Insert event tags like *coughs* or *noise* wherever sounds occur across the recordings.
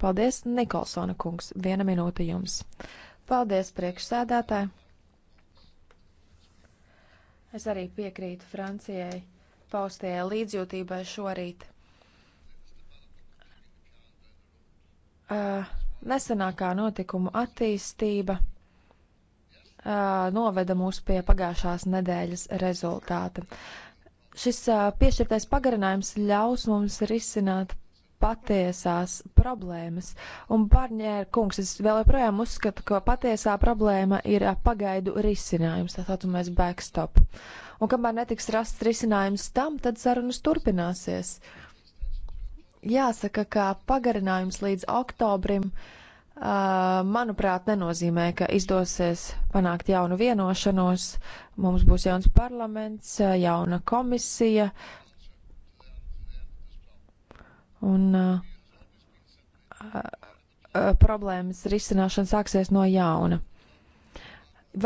Paldies, Nikolsona kungs. Viena minūte jums. Paldies, priekšsēdētāji. Es arī piekrītu Francijai paustajai līdzjūtībai šorīt. Uh, nesenākā notikuma attīstība uh, noveda mūs pie pagājušās nedēļas rezultāta. Šis uh, piešķirtais pagarinājums ļaus mums risināt patiesās problēmas. Un, Barņēra kungs, es vēl joprojām uzskatu, ka patiesā problēma ir pagaidu risinājums, tā saucamais backstop. Un kamēr netiks rasts risinājums tam, tad sarunas turpināsies. Jāsaka, ka pagarinājums līdz oktobrim, uh, manuprāt, nenozīmē, ka izdosies panākt jaunu vienošanos. Mums būs jauns parlaments, jauna komisija, uh, Un uh, uh, problēmas risināšana sāksies no jauna.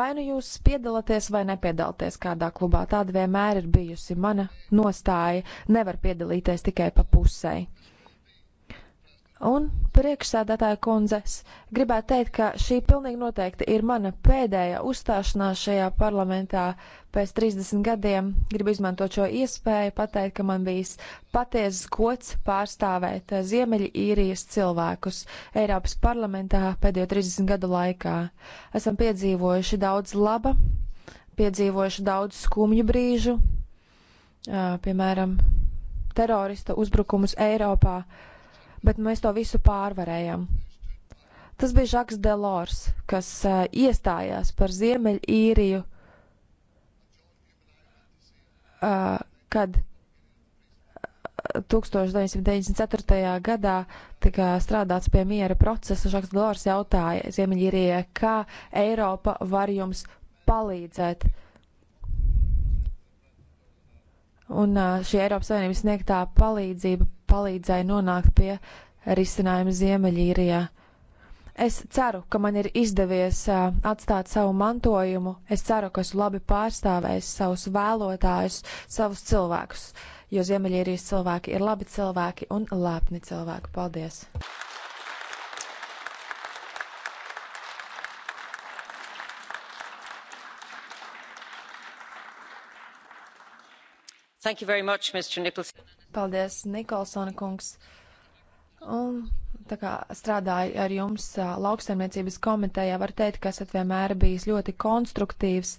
Vai nu jūs piedalāties vai nepiedalāties kādā klubā, tāda vienmēr ir bijusi mana nostāja. Nevar piedalīties tikai pa pusēji. Un priekšsēdētāja kundzes gribētu teikt, ka šī pilnīgi noteikti ir mana pēdējā uzstāšanās šajā parlamentā pēc 30 gadiem. Gribu izmantot šo iespēju pateikt, ka man bijis patiesas gods pārstāvēt Ziemeļīrijas cilvēkus Eiropas parlamentā pēdējo 30 gadu laikā. Esam piedzīvojuši daudz laba, piedzīvojuši daudz skumju brīžu, piemēram, terorista uzbrukumus Eiropā bet mēs to visu pārvarējam. Tas bija Žaks Delors, kas uh, iestājās par Ziemeļīriju, uh, kad 1994. gadā tika strādāts pie miera procesa. Žaks Delors jautāja Ziemeļīrijai, kā Eiropa var jums palīdzēt. Un uh, šī Eiropas Savienības sniegtā palīdzība palīdzēja nonākt pie risinājuma Ziemeļīrijā. Es ceru, ka man ir izdevies uh, atstāt savu mantojumu. Es ceru, ka esmu labi pārstāvējis savus vēlotājus, savus cilvēkus, jo Ziemeļīrijas cilvēki ir labi cilvēki un lēpni cilvēki. Paldies! Much, Paldies, Nikolsona kungs. Un tā kā strādāju ar jums lauksaimniecības komitejā, var teikt, ka esat vienmēr bijis ļoti konstruktīvs,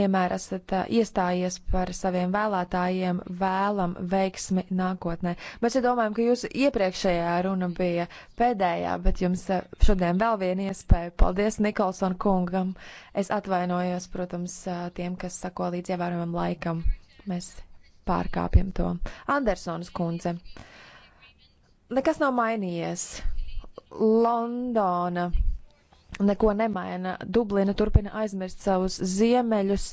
vienmēr esat iestājies par saviem vēlētājiem, vēlam veiksmi nākotnē. Mēs ja domājam, ka jūsu iepriekšējā runa bija pēdējā, bet jums šodien vēl viena iespēja. Paldies Nikolson kungam. Es atvainojos, protams, tiem, kas sako līdz ievērojamam laikam. Mēs pārkāpjam to. Andersons kundze. Nekas nav mainījies. Londona neko nemaina. Dublina turpina aizmirst savus ziemeļus.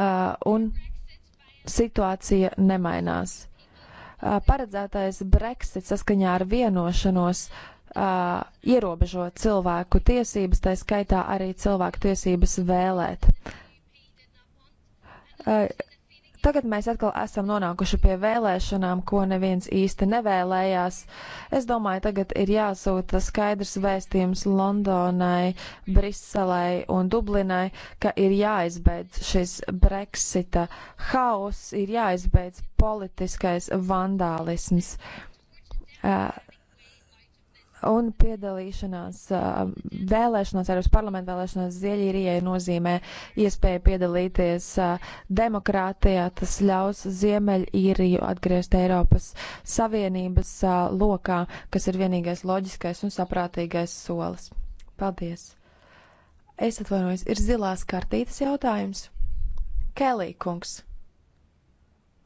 Uh, un situācija nemainās. Uh, paredzētais Brexit saskaņā ar vienošanos uh, ierobežo cilvēku tiesības, tā skaitā arī cilvēku tiesības vēlēt. Uh, Eh, tagad mēs atkal esam nonākuši pie vēlēšanām, ko neviens īsti nevēlējās. Es domāju, tagad ir jāsūta skaidrs vēstījums Londonai, Briselei un Dublinai, ka ir jāizbeidz šis Brexita haoss, ir jāizbeidz politiskais vandālisms. Uh, un piedalīšanās vēlēšanās, Eiropas parlamenta vēlēšanās Zieļīrijai nozīmē iespēju piedalīties demokrātijā. Tas ļaus Ziemeļīriju atgriezt Eiropas Savienības lokā, kas ir vienīgais loģiskais un saprātīgais solis. Paldies! Es atvainojos, ir zilās kartītes jautājums. Kelī kungs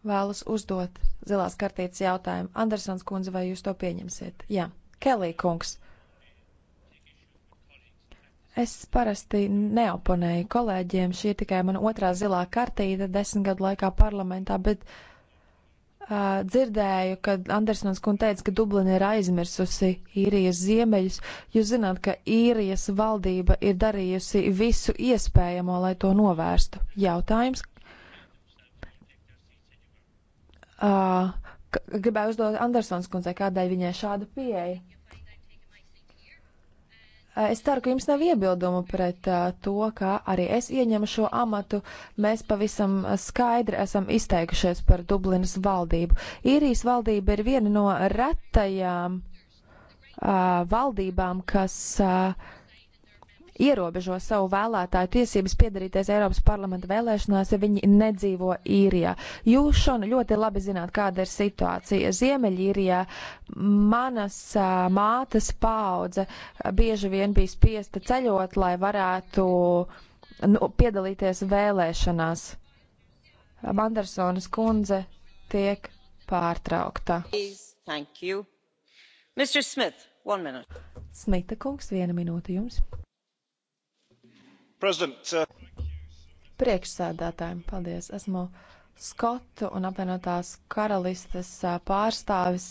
vēlas uzdot zilās kartītes jautājumu. Andersons kundze, vai jūs to pieņemsiet? Jā. Kelī kungs. Es parasti neoponēju kolēģiem, šī ir tikai mana otrā zilā kartīte desmit gadu laikā parlamentā, bet uh, dzirdēju, kad Andersons kun teica, ka Dublina ir aizmirsusi īrijas ziemeļus. Jūs zināt, ka īrijas valdība ir darījusi visu iespējamo, lai to novērstu. Jautājums. Uh, gribēju uzdot Andersons kundzei, kādēļ viņai šāda pieeja. Eh, es ceru, ka jums nav iebildumu pret uh, to, ka arī es ieņemu šo amatu. Mēs pavisam eh, skaidri esam izteikušies par Dublinas valdību. Īrijas valdība ir viena no retajām uh, valdībām, kas uh, ierobežo savu vēlētāju tiesības piedarīties Eiropas parlamenta vēlēšanās, ja viņi nedzīvo īrijā. Jūs šon ļoti labi zināt, kāda ir situācija. Ziemeļīrijā manas uh, mātes paudze bieži vien bija spiesta ceļot, lai varētu nu, piedalīties vēlēšanās. Mandersonas kundze tiek pārtraukta. Smita kungs, viena minūte jums. Uh, Priekšsēdētājiem, paldies. Esmu Skotu un apvienotās karalistes uh, pārstāvis.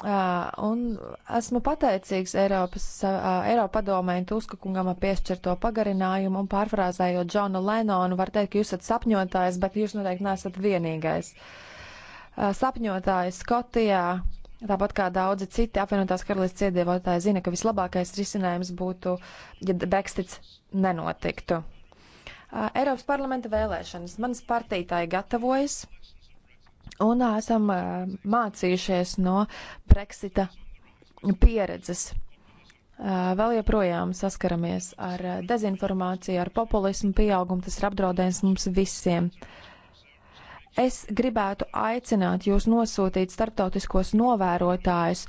Uh, un esmu pateicīgs Eiropas, Eiropa padomē un Tuska kungam piešķirto pagarinājumu un pārfrāzējot Džonu Lenonu, var teikt, ka jūs esat sapņotājs, bet jūs noteikti neesat vienīgais. Sapņotājs Skotijā Tāpat kā daudzi citi apvienotās karalistes iedzīvotāji zina, ka vislabākais risinājums būbūtu, ja Brexits nenotiktu. Uh, Eiropas parlamenta vēlēšanas. Manas partītāji gatavojas un uh, esam uh, mācījušies no Brexita pieredzes. Vēl joprojām saskaramies ar dezinformāciju, ar populismu pieaugumu. Tas ir apdraudējums mums visiem. Uh, Es gribētu aicināt jūs nosūtīt starptautiskos novērotājus,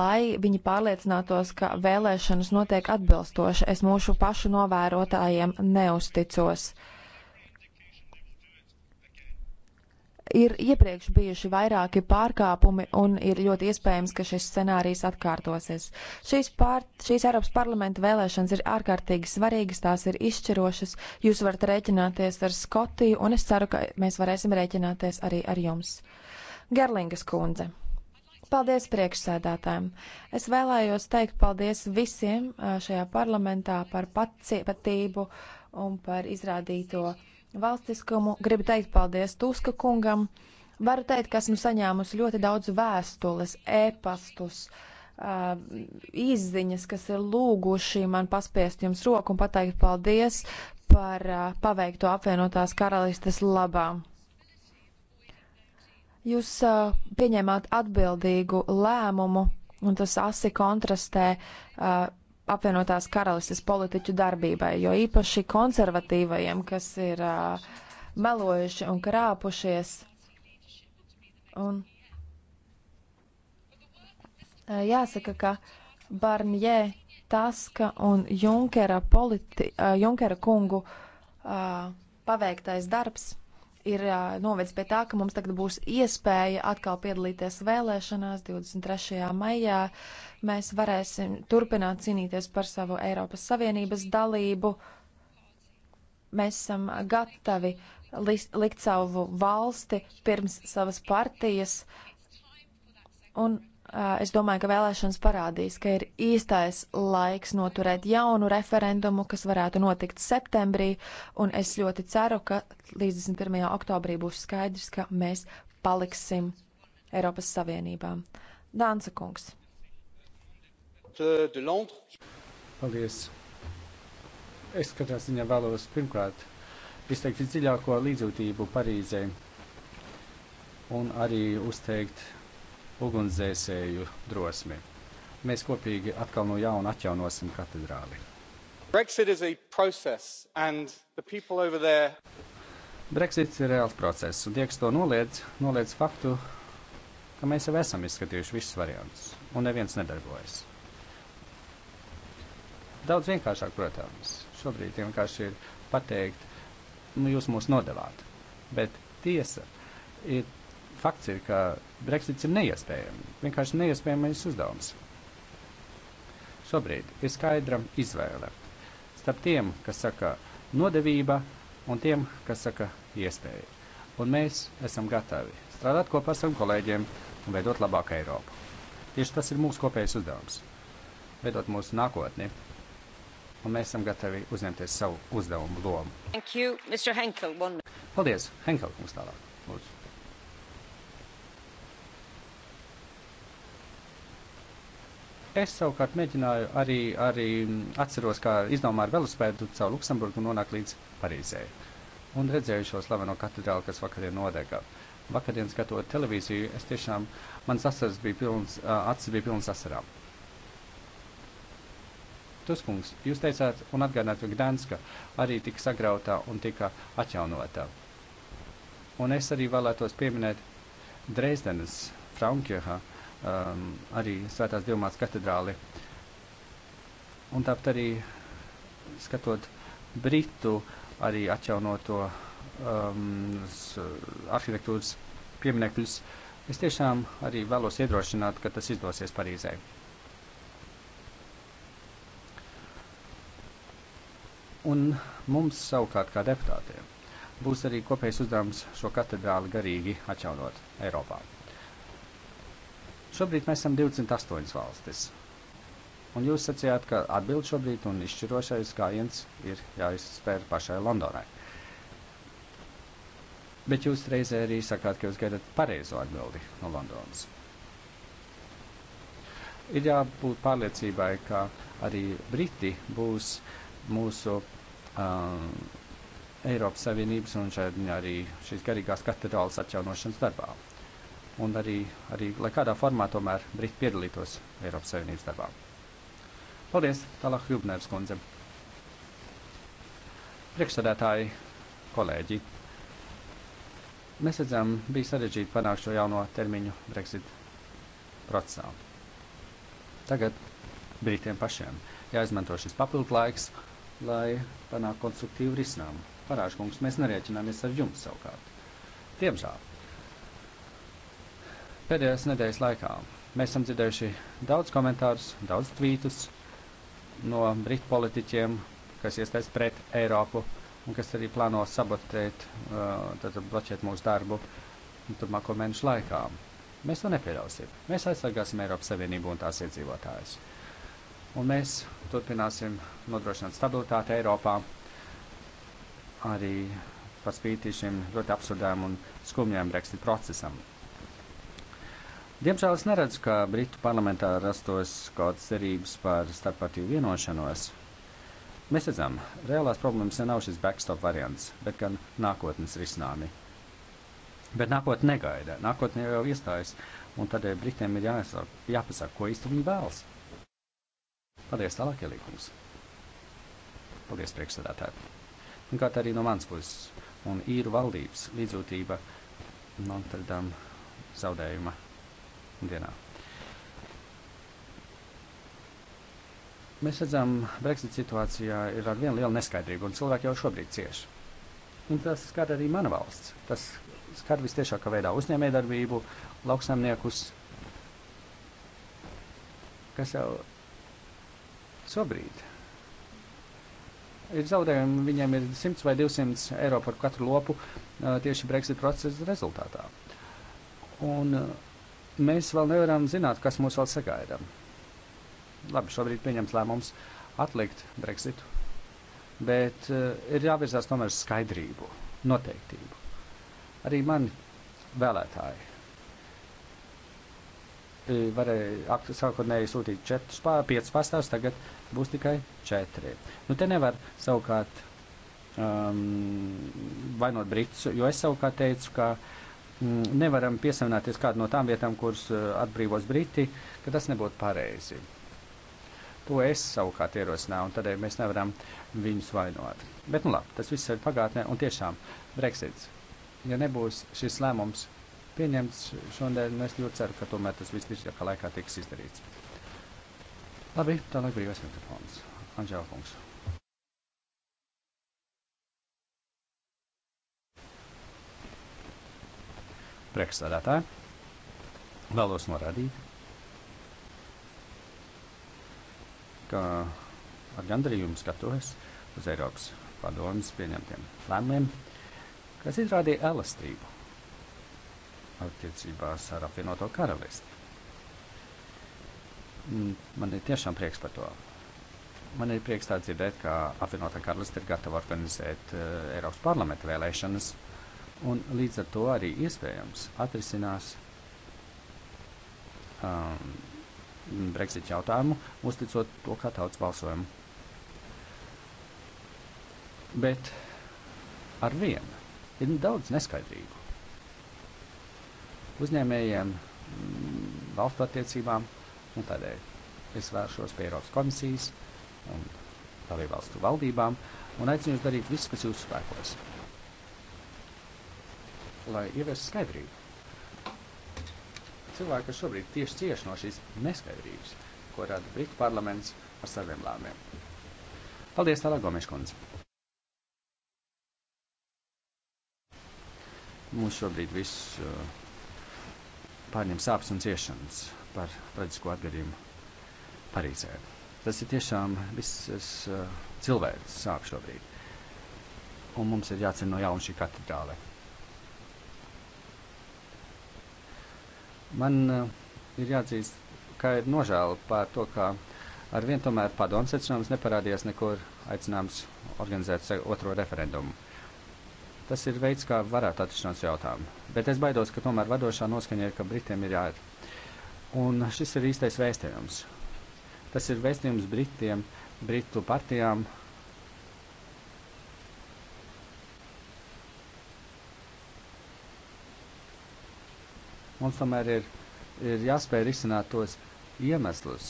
lai viņi pārliecinātos, ka vēlēšanas notiek atbilstoši. Es mūsu pašu novērotājiem neusticos. Uh, Ir iepriekš bijuši vairāki pārkāpumi un ir ļoti iespējams, ka šis scenārijs atkārtosies. Šīs, pār, šīs Eiropas parlamenta vēlēšanas ir ārkārtīgi svarīgas, tās ir izšķirošas. Jūs varat rēķināties ar Skotiju un es ceru, ka mēs varēsim rēķināties arī ar jums. Gerlingas kundze. Paldies priekšsēdētājiem. Es vēlējos teikt paldies visiem šajā parlamentā par patie, patību un par izrādīto valstiskumu, gribu teikt paldies Tuska kungam. Varu teikt, ka esmu saņēmusi ļoti daudz vēstules, ēpastus, uh, izziņas, kas ir lūguši man paspiest jums roku un pateikt paldies par uh, paveikto apvienotās karalistes labā. Jūs uh, pieņēmāt atbildīgu lēmumu, un tas asi kontrastē uh, apvienotās karalistes politiķu darbībai, jo īpaši konservatīvajiem, kas ir uh, melojuši un krāpušies. Un, uh, jāsaka, ka Barnjē, Taska un Junkera, politi, uh, Junkera kungu uh, paveiktais darbs ir uh, novedis pie tā, ka mums tagad būs iespēja atkal piedalīties vēlēšanās 23. maijā. Mēs varēsim turpināt cīnīties par savu Eiropas Savienības dalību. Mēs esam gatavi li likt savu valsti pirms savas partijas. Un Es domāju, ka vēlēšanas parādīs, ka ir īstais laiks noturēt jaunu referendumu, kas varētu notikt septembrī, un es ļoti ceru, ka līdz 21. oktobrī būs skaidrs, ka mēs paliksim Eiropas Savienībā. Dānsa kungs. Paldies. Es katrā ziņā vēlos pirmkārt izteikt visdziļāko līdzjūtību Parīzē un arī uzteikt ugunsdzēsēju drosmi. Mēs kopīgi atkal no jauna atjaunosim katedrāli. Brexits ir reāls process, un tie, kas to noliedz, noliedz faktu, ka mēs jau esam izskatījuši visus variantus, un neviens nedarbojas. Daudz vienkāršāk, protams, šobrīd vienkārši ir pateikt, nu, jūs mūs nodevāt. Bet tiesa ir fakts ir, ka Brexits ir neiespējami, vienkārši neiespējamais uzdevums. Šobrīd ir skaidra izvēle starp tiem, kas saka nodevība, un tiem, kas saka iespēja. Un mēs esam gatavi strādāt kopā ar saviem kolēģiem un veidot labāku Eiropu. Tieši tas ir mūsu kopējais uzdevums - veidot mūsu nākotni. Un mēs esam gatavi uzņemties savu uzdevumu lomu. You, Henkel, Paldies, Henkel, mums tālāk. Lūdzu. Es savukārt mēģināju arī, arī mm, atceros, kā izdomāju velospēdu caur Luksemburgu un nonāku līdz Parīzē. Un redzēju šo slaveno katedrālu, kas vakarien nodega. Vakarien skatot televīziju, es tiešām, mans asaras bija pilns, acis bija pilns asarām. Tuskungs, jūs teicāt un atgādināt, ka Gdanska arī tika sagrautā un tika atjaunotā. Un es arī vēlētos pieminēt Dresdenes, Fraunkeha um, arī Svētās Dilmāts katedrāli. Un tāpat arī skatot Britu arī atjaunoto um, arhitektūras pieminekļus, es tiešām arī vēlos iedrošināt, ka tas izdosies Parīzē. Un mums savukārt kā deputātiem būs arī kopējs uzdevums šo katedrāli garīgi atjaunot Eiropā. Šobrīd mēs esam 28 valstis. Un jūs sacījāt, ka atbild šobrīd un izšķirošais gājiens ir jāizspēr pašai Londonai. Bet jūs reizē arī sakāt, ka jūs gaidat pareizo atbildi no Londonas. Ir jābūt pārliecībai, ka arī Briti būs mūsu um, Eiropas Savienības un šeit arī šīs garīgās katedrālas atjaunošanas darbā un arī, arī lai kādā formā tomēr Briti piedalītos Eiropas Savienības darbā. Paldies, tālāk Hubnēvs kundze. Priekšsēdētāji, kolēģi, mēs redzam, bija sarežģīti panākt šo jauno termiņu Brexit procesā. Tagad Britiem pašiem jāizmanto šis papildu laiks, lai panāktu konstruktīvu risinājumu. Parāžkungs, mēs nerēķināmies ar jums savukārt. Diemžēl pēdējās nedēļas laikā. Mēs esam dzirdējuši daudz komentārus, daudz tvītus no britu politiķiem, kas iestājas pret Eiropu un kas arī plāno sabotēt, uh, tad bloķēt mūsu darbu turpmāko mēnešu laikā. Mēs to nepieļausim. Mēs aizsargāsim Eiropas Savienību un tās iedzīvotājus. Un mēs turpināsim nodrošināt stabilitāti Eiropā arī par spīti šim ļoti absurdām un skumjām Brexit procesam. Diemžēl es neredzu, ka Britu parlamentā rastos kādas cerības par starppartiju vienošanos. Mēs redzam, reālās problēmas nav šis backstop variants, bet gan nākotnes risinājumi. Bet nākotnē negaida, nākotnē jau iestājas, un tādēļ eh, Britiem ir jāsaka, jāpasaka, ko īsti viņi vēlas. Paldies, tālāk ielīgums. Paldies, priekšsēdētāji. Pirmkārt, arī no manas puses, un īru valdības līdzjūtība Notre Dame zaudējuma dienā. Mēs redzam, Brexit situācijā ir ar vienu lielu neskaidrību, un cilvēki jau šobrīd cieš. Un tas skar arī mana valsts. Tas skar visciešākā veidā uzņēmējdarbību, lauksaimniekus, kas jau šobrīd ir zaudējumi. Viņiem ir 100 vai 200 eiro par katru lopu uh, tieši Brexit procesa rezultātā. Un, uh, mēs vēl nevaram zināt, kas mūs vēl sagaida. Labi, šobrīd pieņems lēmums atlikt Brexitu, bet uh, ir jāvirzās tomēr skaidrību, noteiktību. Arī mani vēlētāji eh, varēja sākotnēji sūtīt 4, 5 pastāvus, tagad būs tikai 4. Nu, te nevar savukārt um, vainot Brits, jo es savukārt teicu, ka uh, Mm, nevaram piesavināties kādu no tām vietām, kuras eh, atbrīvos Briti, ka tas nebūtu pareizi. To es savukārt ierosināju, un tādēļ mēs nevaram viņus vainot. Bet, nu labi, tas viss ir pagātnē, un tiešām Brexits. Ja nebūs šis lēmums pieņemts šodien, es ļoti ceru, ka tomēr tas viss visļaukā laikā tiks izdarīts. Labi, tālāk brīvais mikrofons. Anžēla kungs. priekšsēdētāji, vēlos norādīt, ka ar gandarījumu skatos uz Eiropas padomus pieņemtiem lēmumiem, kas izrādīja elastību attiecībās ar apvienoto karalisti. Mm, man ir tiešām prieks par to. Man ir prieks tā dzirdēt, ka apvienotā karaliste ir gatava organizēt uh, Eiropas parlamenta vēlēšanas un līdz ar to arī iespējams atrisinās um, Brexit jautājumu, uzticot to kā tautas balsojumu. Bet ar vienu ir daudz neskaidrību. Uzņēmējiem, mm, valstu attiecībām un tādēļ es vēršos pie Eiropas komisijas un dalībvalstu valdībām un aicinu jūs darīt visu, kas jūsu spēkos, lai ieviestu skaidrību. Cilvēki, kas šobrīd tieši cieši no šīs neskaidrības, ko rada Britu parlaments ar saviem lēmumiem. Paldies, Tālāk, Gomeškundze! Mūs šobrīd viss uh, pārņem sāpes un ciešanas par traģisko atgadījumu Parīzē. Tas ir tiešām viss uh, cilvēks sāp šobrīd. Un mums ir jāceļ no jauna šī katedrāle. Man eh, ir jāatzīst, ka ir nožēla par to, ka ar vienu tomēr padomus secinājums neparādījās nekur aicinājums organizēt otro referendumu. Tas ir veids, kā varētu atrisināt šo jautājumu. Bet es baidos, ka tomēr vadošā noskaņa ir, ka Britiem ir jāiet. Un šis ir īstais vēstījums. Tas ir vēstījums Britiem, Britu partijām, Mums tomēr ir, ir jāspēj risināt tos iemeslus,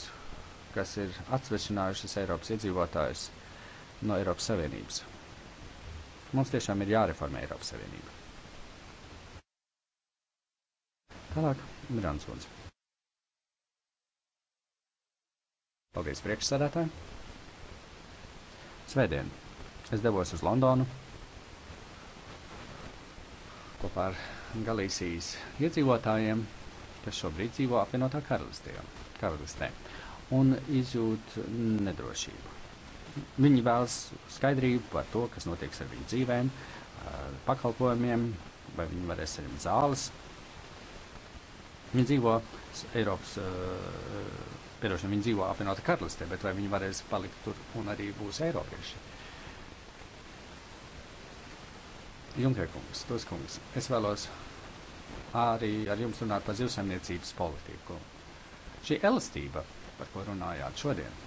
kas ir atsvešinājušas Eiropas iedzīvotājus no Eiropas Savienības. Mums tiešām ir jāreformē Eiropas Savienība. Tālāk, Bransons. Paldies priekšsēdētāji. Svētdien es devos uz Londonu kopā ar Galīsijas iedzīvotājiem, kas šobrīd dzīvo apvienotā karalistē un izjūt nedrošību. Viņi vēlas skaidrību par to, kas notiks ar viņu dzīvēm, pakalpojumiem, vai viņi varēs saņemt zāles. Viņi dzīvo Eiropas, pierošana, viņi dzīvo apvienotā karalistē, bet vai viņi varēs palikt tur un arī būs Eiropieši? Junkerkungs, Tuskungs, es vēlos arī ar jums runāt par zivsaimniecības politiku. Šī elastība, par ko runājāt šodien,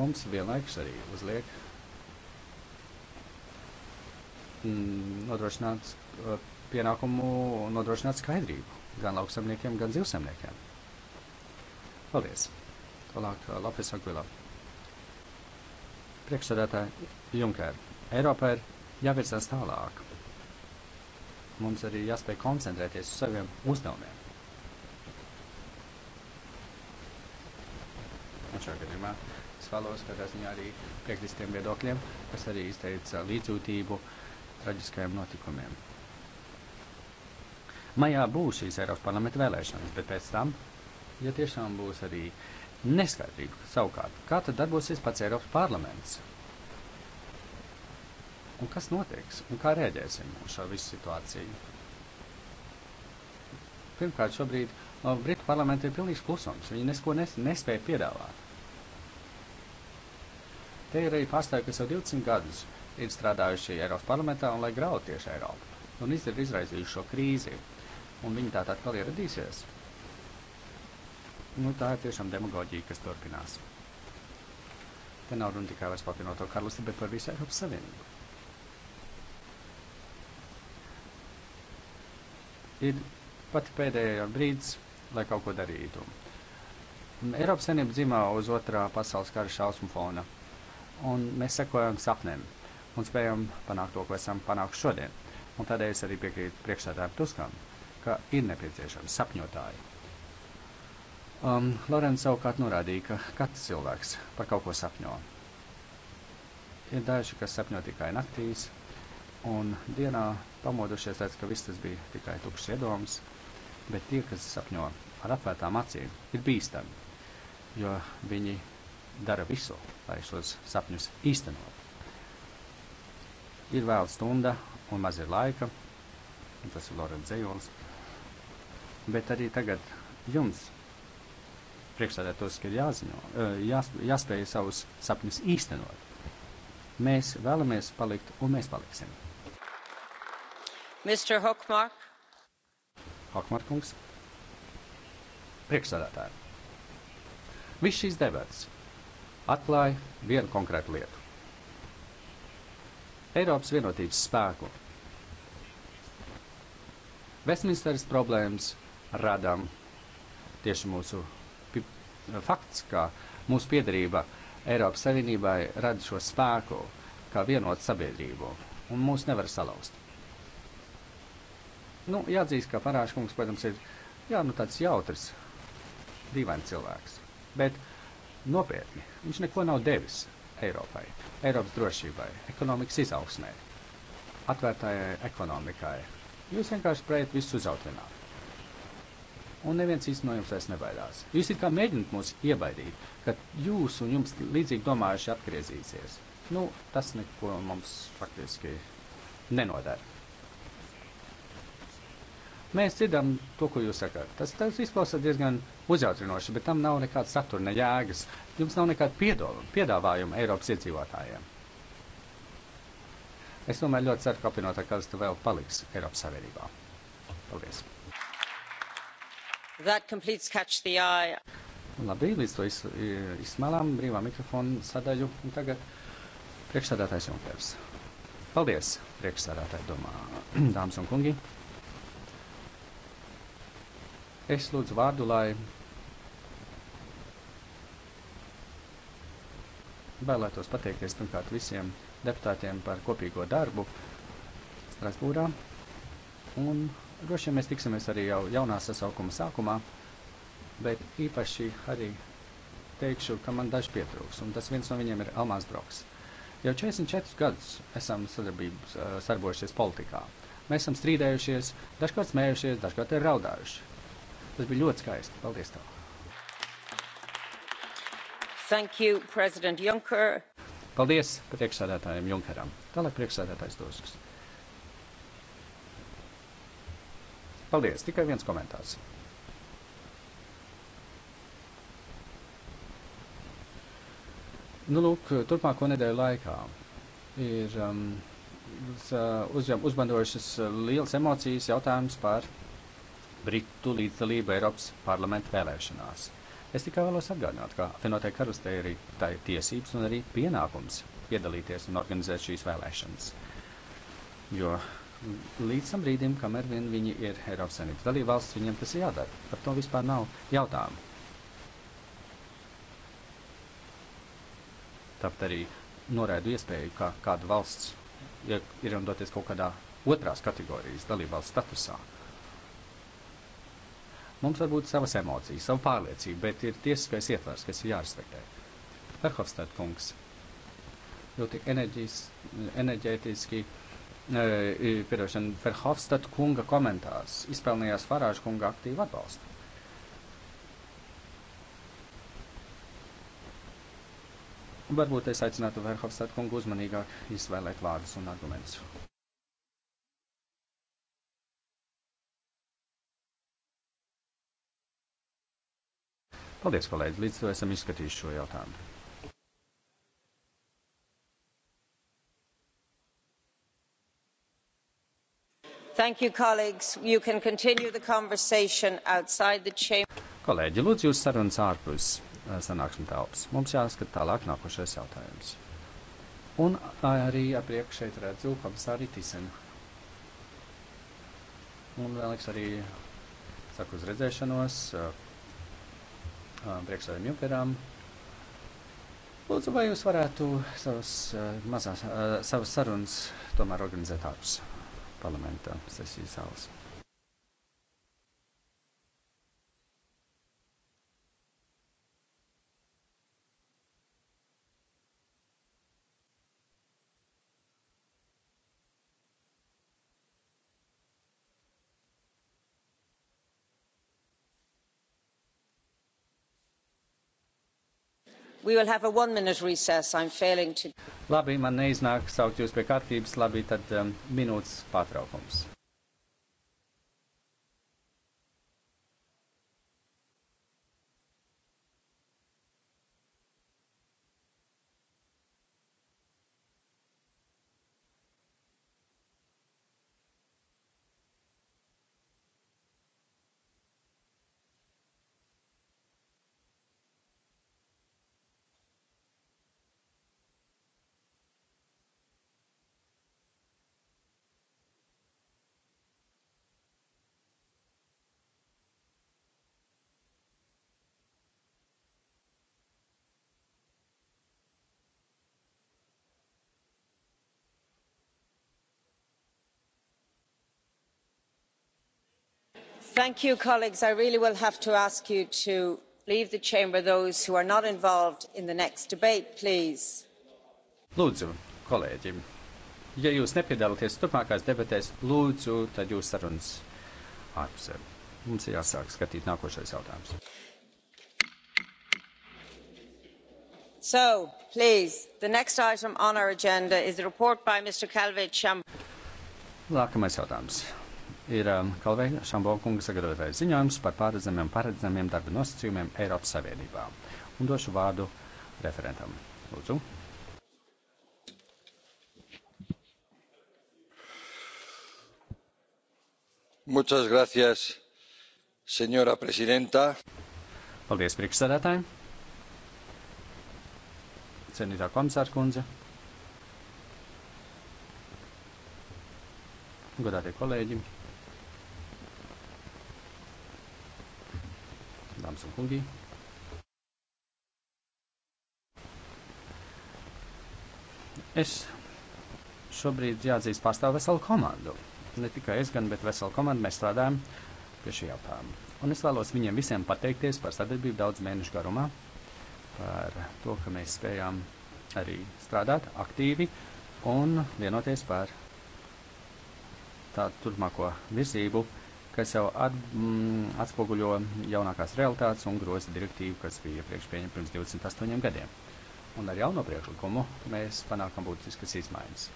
mums vienlaikus arī uzliek mm, nodrošināt uh, pienākumu nodrošināt skaidrību gan lauksamniekiem, gan zivsamniekiem. Paldies! Tālāk, uh, Lapis Agvilā. Priekšsēdētāji Junker, Eiropā ir jāvirzās tālāk. Mums arī jāspēj koncentrēties uz saviem uzdevumiem. Un šajā gadījumā es vēlos katrā ziņā arī piekrist tiem viedokļiem, kas arī izteica līdzjūtību traģiskajiem notikumiem. Maijā būs šīs Eiropas parlamenta vēlēšanas, bet pēc tam, ja tiešām būs arī uh, neskaidrību savukārt, kā tad darbosies pats Eiropas parlaments. Un kas notiks un kā rēģēsim uz šo visu situāciju? Pirmkārt, šobrīd Britu parlamenta ir pilnīgs klusums. Viņi nesko nes nespēja piedāvāt. Te ir arī pārstāvji, kas jau 200 gadus ir strādājuši Eiropas parlamentā un lai graudu tieši Eiropu. Un izdarījuši šo krīzi. Un viņi tā atkal ieradīsies. Nu, tā ir tiešām demagoģija, kas turpinās. Te nav runa tikai par apvienoto karalisti, bet par visu Eiropas Savienību. Ir pati pēdējā brīdis, lai kaut ko darītu. Eiropas Savienība dzimā uz otrā pasaules kara šausmu fona, un mēs sekojam sapnēm un spējam panākt to, ko esam panākuši šodien. Un tādēļ es arī piekrītu priekšsēdētājiem Tuskam, ka ir nepieciešami sapņotāji. Um, Lorenz savukārt norādīja, ka katrs cilvēks par kaut ko sapņo. Ir daži, kas sapņo tikai naktīs, un dienā pamodušies redz, ka viss tas bija tikai tukšs iedoms, bet tie, kas sapņo ar atvērtām acīm, ir bīstami, jo viņi dara visu, lai šos sapņus īstenot. Ir vēl stunda un maz ir laika, un tas ir Lorenzs Zejons. Bet arī tagad jums priekšstādētos, ka ir jāziņo, jās, jāspēj savus sapņus īstenot. Mēs vēlamies palikt, un mēs paliksim. Mr. Hokmark. Hokmark kungs. Priekšstādātāji. Viss šīs debats atklāja vienu konkrētu lietu. Eiropas vienotības spēku. Vestminsteras problēmas radām tieši mūsu Nu, fakts, ka mūsu piedarība Eiropas Savienībai rada šo spēku kā vienotu sabiedrību, un mūs nevar salauzt. Nu, jāatzīst, ka Parāškungs, protams, ir jā, nu, tāds jautrs, dīvains cilvēks, bet nopietni viņš neko nav devis Eiropai, Eiropas drošībai, ekonomikas izaugsmē, atvērtajai ekonomikai. Jūs vienkārši spējat visu uzautrināt un neviens īsti no jums vairs nebaidās. Jūs it kā mēģināt mūs iebaidīt, ka jūs un jums līdzīgi domājuši atgriezīsies. Nu, tas neko mums faktiski nenodara. Mēs dzirdam to, ko jūs sakāt. Tas, tas izklausās diezgan uzjautrinoši, bet tam nav nekāda satura, ne jēgas. Jums nav nekāda piedāvājuma Eiropas iedzīvotājiem. Es tomēr ļoti ceru, ka apvienotā karaliste vēl paliks Eiropas Savienībā. Paldies! Labi, līdz to izsmēlām brīvā mikrofona sadaļu. Un tagad priekšsādātājs Junkers. Paldies, priekšsādātāji domā, *clears throat* dāmas un kungi. Es lūdzu vārdu, lai vēlētos pateikties pirmkārt visiem deputātiem par kopīgo darbu Strasbūrā un Droši vien mēs tiksimies arī jau jaunā sasaukuma sākumā, bet īpaši arī teikšu, ka man daži pietrūks, un tas viens no viņiem ir Almāns Broks. Jau 44 gadus esam sadarbības, sarbojušies politikā. Mēs esam strīdējušies, dažkārt smējušies, dažkārt ir raudājuši. Tas bija ļoti skaisti. Paldies tev! Thank you, President Juncker. Paldies priekšsēdētājiem Junkeram. Tālāk priekšsēdētājs Dosks. Paldies, tikai viens komentārs. Nu, lūk, turpmāko nedēļu laikā ir um, uh, uzņem, uzbandojušas lielas emocijas jautājums par Britu līdzdalību Eiropas parlamentu vēlēšanās. Es tikai vēlos atgādināt, ka apvienotai karalistē ir tā ir tiesības un arī pienākums piedalīties un organizēt šīs vēlēšanas. Jo līdz tam brīdim, kamēr vien viņi ir Eiropas Savienības dalībvalsts, viņiem tas ir jādara. Par to vispār nav jautājumu. Tāpat arī noraidu iespēju, ka kāda valsts ja ir un doties kaut kādā otrās kategorijas dalībvalsts statusā. Mums var būt savas emocijas, savu pārliecību, bet ir tiesiskais ietvers, kas ir jārespektē. Verhofstadt kungs ļoti enerģiski piedošana, Ferhofstad kunga komentārs izpelnījās Farāža kunga aktīvu atbalstu. Varbūt es aicinātu Verhofstad kungu uzmanīgāk izvēlēt vārdus un argumentus. Paldies, kolēģi! Līdz to esam izskatījuši šo jautājumu. Thank you, colleagues. You can continue the conversation outside the chamber. Kolēģi, lūdzu jūs sarunas ārpus uh, sanāksmes telpas. Mums jāskat tālāk nākošais jautājums. Un arī apriekš šeit redzu komisāri Tisenu. Un vēlīgs arī saku uz redzēšanos uh, uh, priekšsēdēm Junkeram. Lūdzu, vai jūs varētu savas, mazās, savas sarunas tomēr organizēt ārpus? parlamentā sesijas zāles. Labi, man neiznāk saukt jūs pie kārtības, labi, tad um, minūtes pārtraukums. thank you colleagues i really will have to ask you to leave the chamber those who are not involved in the next debate please. lūdzu kolēģi ja jūs nepiedalāties turpmākās debatēs lūdzu tad jūs sarunas ārpusē mums ir jāsāk skatīt nākošais jautājums. So, please, the next item on our agenda is the report by Mr. Calvet Chambon. Nākamais jautājums ir um, Kalveina Šambokunga sagatavotais ziņojums par pārredzamiem paredzamiem darba nosacījumiem Eiropas Savienībā. Un došu vārdu referentam. Lūdzu. Muchas gracias, señora presidenta. Paldies, priekšsēdētāji. Cienītā komisāra kundze. Godātie kolēģi. 南神攻擊。Es šobrīd jāatzīst pārstāvu veselu komandu. Ne tikai es, gan, bet veselu komandu mēs strādājam pie šī jautājuma. Un es vēlos viņiem visiem pateikties par sadarbību daudz mēnešu garumā, par to, ka mēs spējām arī strādāt aktīvi un vienoties par tādu turpmāko virzību kas jau at, m, mm, atspoguļo jaunākās realitātes un groza direktīvu, kas bija iepriekš pieņemta pirms 28 gadiem. Un ar jauno priekšlikumu mēs panākam būtiskas izmaiņas.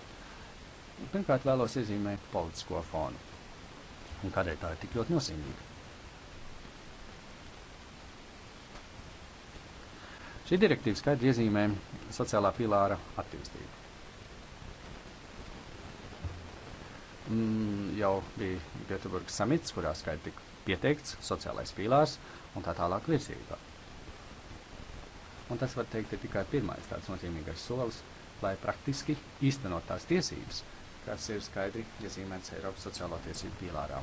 Pirmkārt, vēlos iezīmēt politisko fonu. Un kādēļ tā ir tik ļoti nozīmīga? Šī direktīva skaidri iezīmē sociālā pīlāra attīstību. Mm, jau bija Göteborgas samits, kurā skaidri tika pieteikts sociālais pīlārs un tā tālāk virzība. Un tas, var teikt, ir tikai pirmais tāds nozīmīgais solis, lai praktiski īstenot tās tiesības, kas ir skaidri iezīmētas Eiropas sociālo tiesību pīlārā.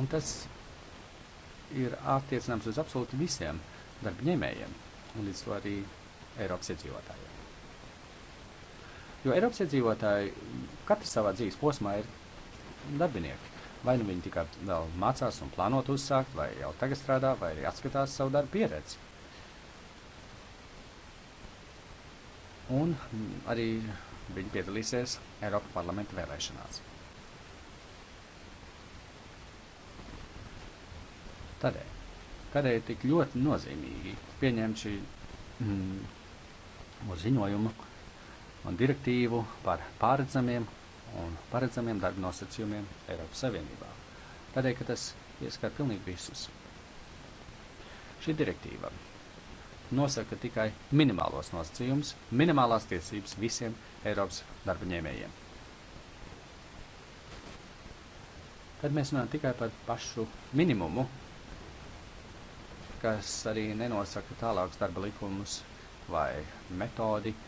Un tas ir attiecināms uz absolūti visiem darbņēmējiem un līdz to arī Eiropas iedzīvotājiem. Jo Eiropas iedzīvotāji katrs savā dzīves posmā ir darbinieki. Vai nu viņi tikai vēl mācās un plāno uzsākt, vai jau tagad strādā, vai arī atskatās savu darbu pieredzi. Un arī viņi piedalīsies Eiropas parlamenta vēlēšanās. Tādēļ, kādēļ tik ļoti nozīmīgi pieņemt šī mm, ziņojumu un direktīvu par pārredzamiem un paredzamiem darba nosacījumiem Eiropas Savienībā. Tādēļ, ka tas ieskar pilnīgi visus. Šī direktīva nosaka tikai minimālos nosacījumus, minimālās tiesības visiem Eiropas darba ņēmējiem. Tad mēs runājam tikai par pašu minimumu, kas arī nenosaka tālākus darba likumus vai metodi, uh,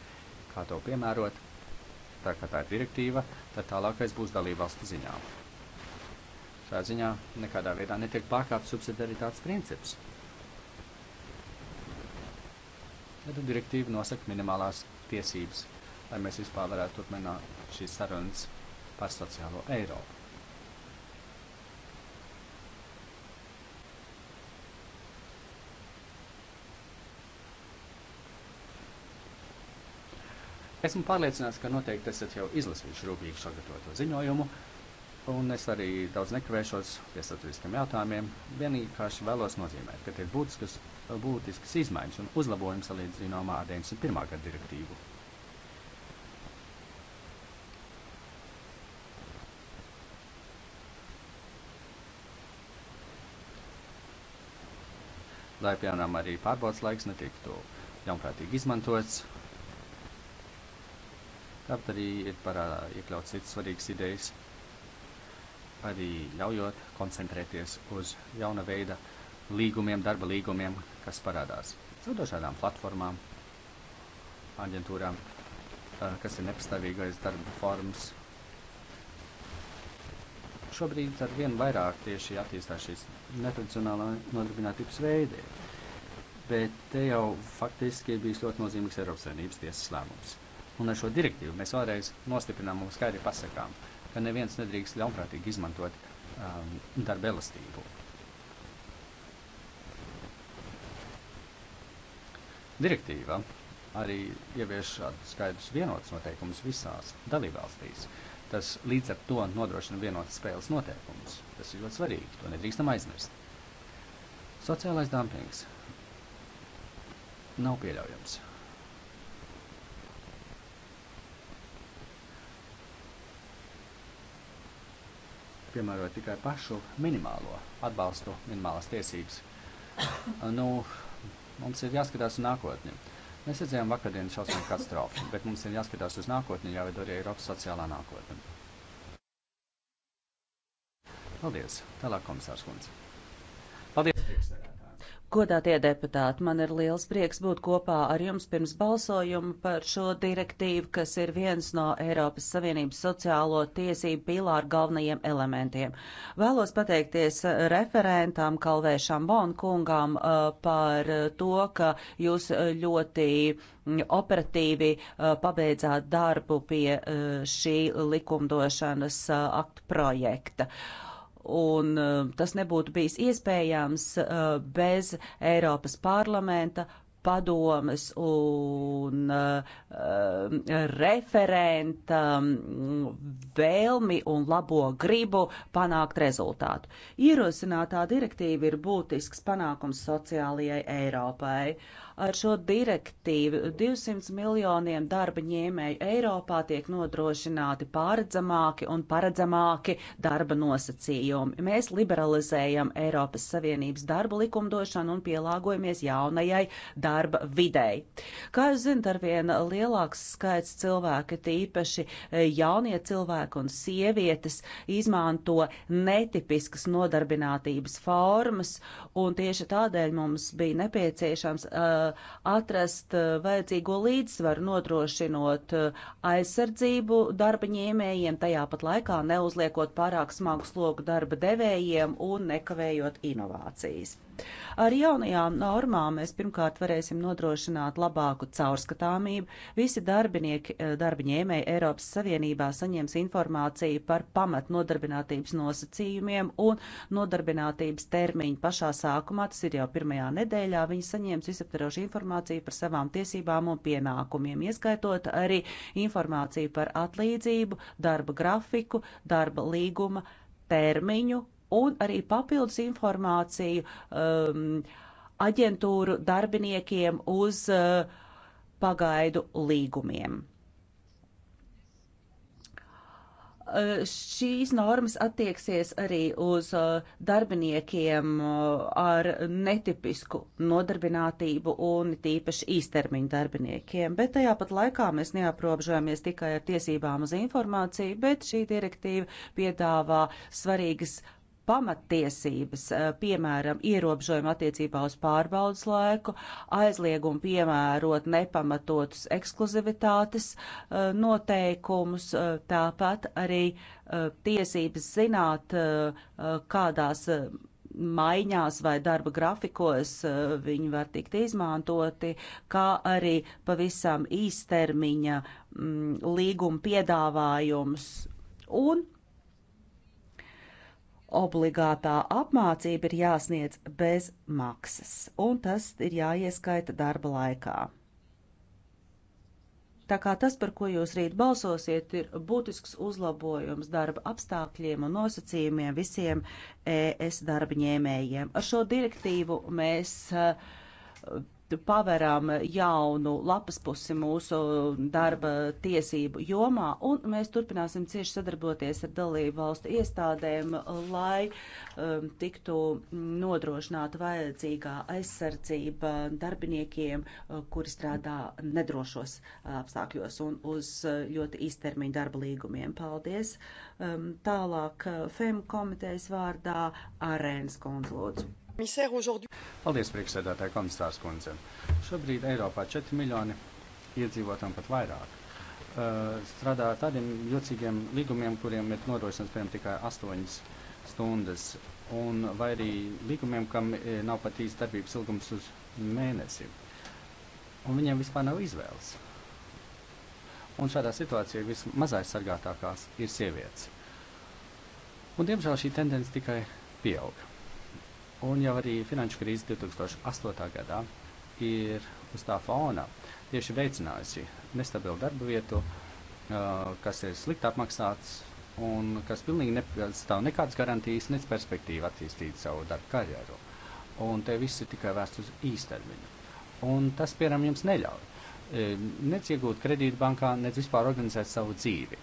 kā to piemērot. Tā kā tā ir direktīva, tad tālākais būs dalībvalstu ziņā. Šajā ziņā nekādā veidā netiek pārkāpts subsidiaritātes princips. Tad direktīva nosaka minimālās tiesības, lai mēs vispār varētu turpināt šīs sarunas par sociālo Eiropu. Esmu pārliecināts, ka noteikti esat jau izlasījuši rūpīgi sagatavoto ziņojumu, un es arī daudz nekavēšos pie saturiskiem jautājumiem. Vienkārši vēlos nozīmēt, ka tie ir būtiskas, būtiskas izmaiņas un uzlabojums salīdzinājumā ar 91. gada direktīvu. Lai, piemēram, arī pārbaudas laiks netiktu ļaunprātīgi izmantots, Tāpat arī ir parādā iekļauts citas svarīgas idejas, arī ļaujot koncentrēties uz jauna veida līgumiem, darba līgumiem, kas parādās caur dažādām platformām, aģentūrām, kas ir nepastāvīgais darba formas. Šobrīd ar vien vairāk tieši attīstās šīs netradicionālā nodarbinātības veidi, bet te jau faktiski bijis ļoti nozīmīgs Eiropas Savienības tiesas lēmums. Un ar šo direktīvu mēs vēlreiz nostiprinām un skaidri pasakām, ka neviens nedrīkst ļaunprātīgi izmantot um, darba elastību. Direktīva arī ievieš skaidrus vienotus noteikumus visās dalībvalstīs. Tas līdz ar to nodrošina vienotas spēles noteikumus. Tas ir ļoti svarīgi, to nedrīkstam aizmirst. Sociālais dumpings nav pieļaujams. piemērot tikai pašu minimālo atbalstu, minimālās tiesības. *coughs* nu, mums ir jāskatās uz nākotni. Mēs redzējām vakardienas šausmīgu katastrofu, bet mums ir jāskatās uz nākotni, jāveido arī Eiropas sociālā nākotne. Paldies! Tālāk komisārs Kunds. Paldies! Priekšsēdē. Godātie deputāti, man ir liels prieks būt kopā ar jums pirms balsojuma par šo direktīvu, kas ir viens no Eiropas Savienības sociālo tiesību pīlāru galvenajiem elementiem. Vēlos pateikties referentām Kalvē Šambon kungām uh, par to, ka jūs ļoti operatīvi uh, pabeidzāt darbu pie uh, šī likumdošanas aktu projekta un uh, tas nebūtu bijis iespējams uh, bez Eiropas parlamenta padomas un uh, uh referenta um, vēlmi un labo gribu panākt rezultātu. Ierosinātā direktīva ir būtisks panākums sociālajai Eiropai. Uh, ar šo direktīvu 200 miljoniem darba ņēmēju Eiropā tiek nodrošināti pāredzamāki un paredzamāki darba nosacījumi. Mēs liberalizējam Eiropas Savienības darba likumdošanu un pielāgojamies jaunajai darba videi. Kā jūs zinat, arvien lielāks skaits cilvēki, tīpaši e, jaunie cilvēki un sievietes, izmanto netipiskas nodarbinātības formas, un tieši tādēļ mums bija nepieciešams uh, atrast eh, vajadzīgo līdzsvaru, nodrošinot eh, aizsardzību darba ņēmējiem, tajā pat laikā neuzliekot pārāk smagu slogu darba devējiem un nekavējot inovācijas. Ar jaunajām normām mēs pirmkārt varēsim nodrošināt labāku caurskatāmību. Visi darbinieki, eh, darba ņēmēji Eiropas Savienībā saņems informāciju par pamat nodarbinātības nosacījumiem un nodarbinātības termiņu pašā sākumā, tas ir jau pirmajā nedēļā, viņi saņems visaptarošu informāciju par savām tiesībām un pienākumiem, ieskaitot arī informāciju par atlīdzību, darba grafiku, darba līguma termiņu un arī papildus informāciju um, aģentūru darbiniekiem uz uh, pagaidu līgumiem. Uh, šīs normas attieksies arī uz uh, darbiniekiem uh, ar netipisku nodarbinātību un tīpaši īstermiņu darbiniekiem, bet tajā pat laikā mēs neaprobežojamies tikai ar tiesībām uz informāciju, bet šī direktīva piedāvā svarīgas pamattiesības, eh, piemēram, ierobežojumi attiecībā uz pārbaudas laiku, aizliegumu piemērot nepamatotus ekskluzivitātes eh, noteikumus, eh, tāpat arī tiesības zināt, kādās maiņās vai darba grafikos viņi var tikt izmantoti, kā arī pavisam īstermiņa mm, līguma piedāvājums un Obligātā apmācība ir jāsniedz bez maksas, un tas ir jāieskaita darba laikā. Tā kā tas, par ko jūs rīt balsosiet, ir būtisks uzlabojums darba apstākļiem un nosacījumiem visiem ES darba ņēmējiem. Ar šo direktīvu mēs uh, paveram jaunu lapas pusi mūsu darba tiesību jomā, un mēs turpināsim cieši sadarboties ar dalību valstu iestādēm, lai um, tiktu nodrošināta vajadzīgā aizsardzība darbiniekiem, uh, kuri strādā nedrošos uh, apstākļos un uz uh, ļoti īstermiņu darba līgumiem. Paldies! Um, tālāk FEM komitejas vārdā Arēnas konzlūdzu. Paldies, priekšsēdētāji komisārs kundze. Šobrīd Eiropā 4 miljoni iedzīvotām pat vairāk. Uh, strādā ar tādiem jocīgiem līgumiem, kuriem ir nodrošināts, piemēram, tikai 8 stundas, un vai arī līgumiem, kam eh, nav pat īsti darbības ilgums uz mēnesi. Un viņiem vispār nav izvēles. Un šādā situācijā vismazāk sargātākās ir sievietes. Un, diemžēl šī tendence tikai pieauga. Un jau arī finanšu krīze 2008. gadā ir uz tā fona tieši veicinājusi nestabilu darbu vietu, kas ir slikti apmaksāts un kas pilnīgi nepastāv nekādas garantijas, nec perspektīva attīstīt savu darbu karjeru. Un te viss ir tikai vērsts uz īstermiņu. Un tas, piemēram, jums neļauj nec iegūt kredītu bankā, nec vispār organizēt savu dzīvi.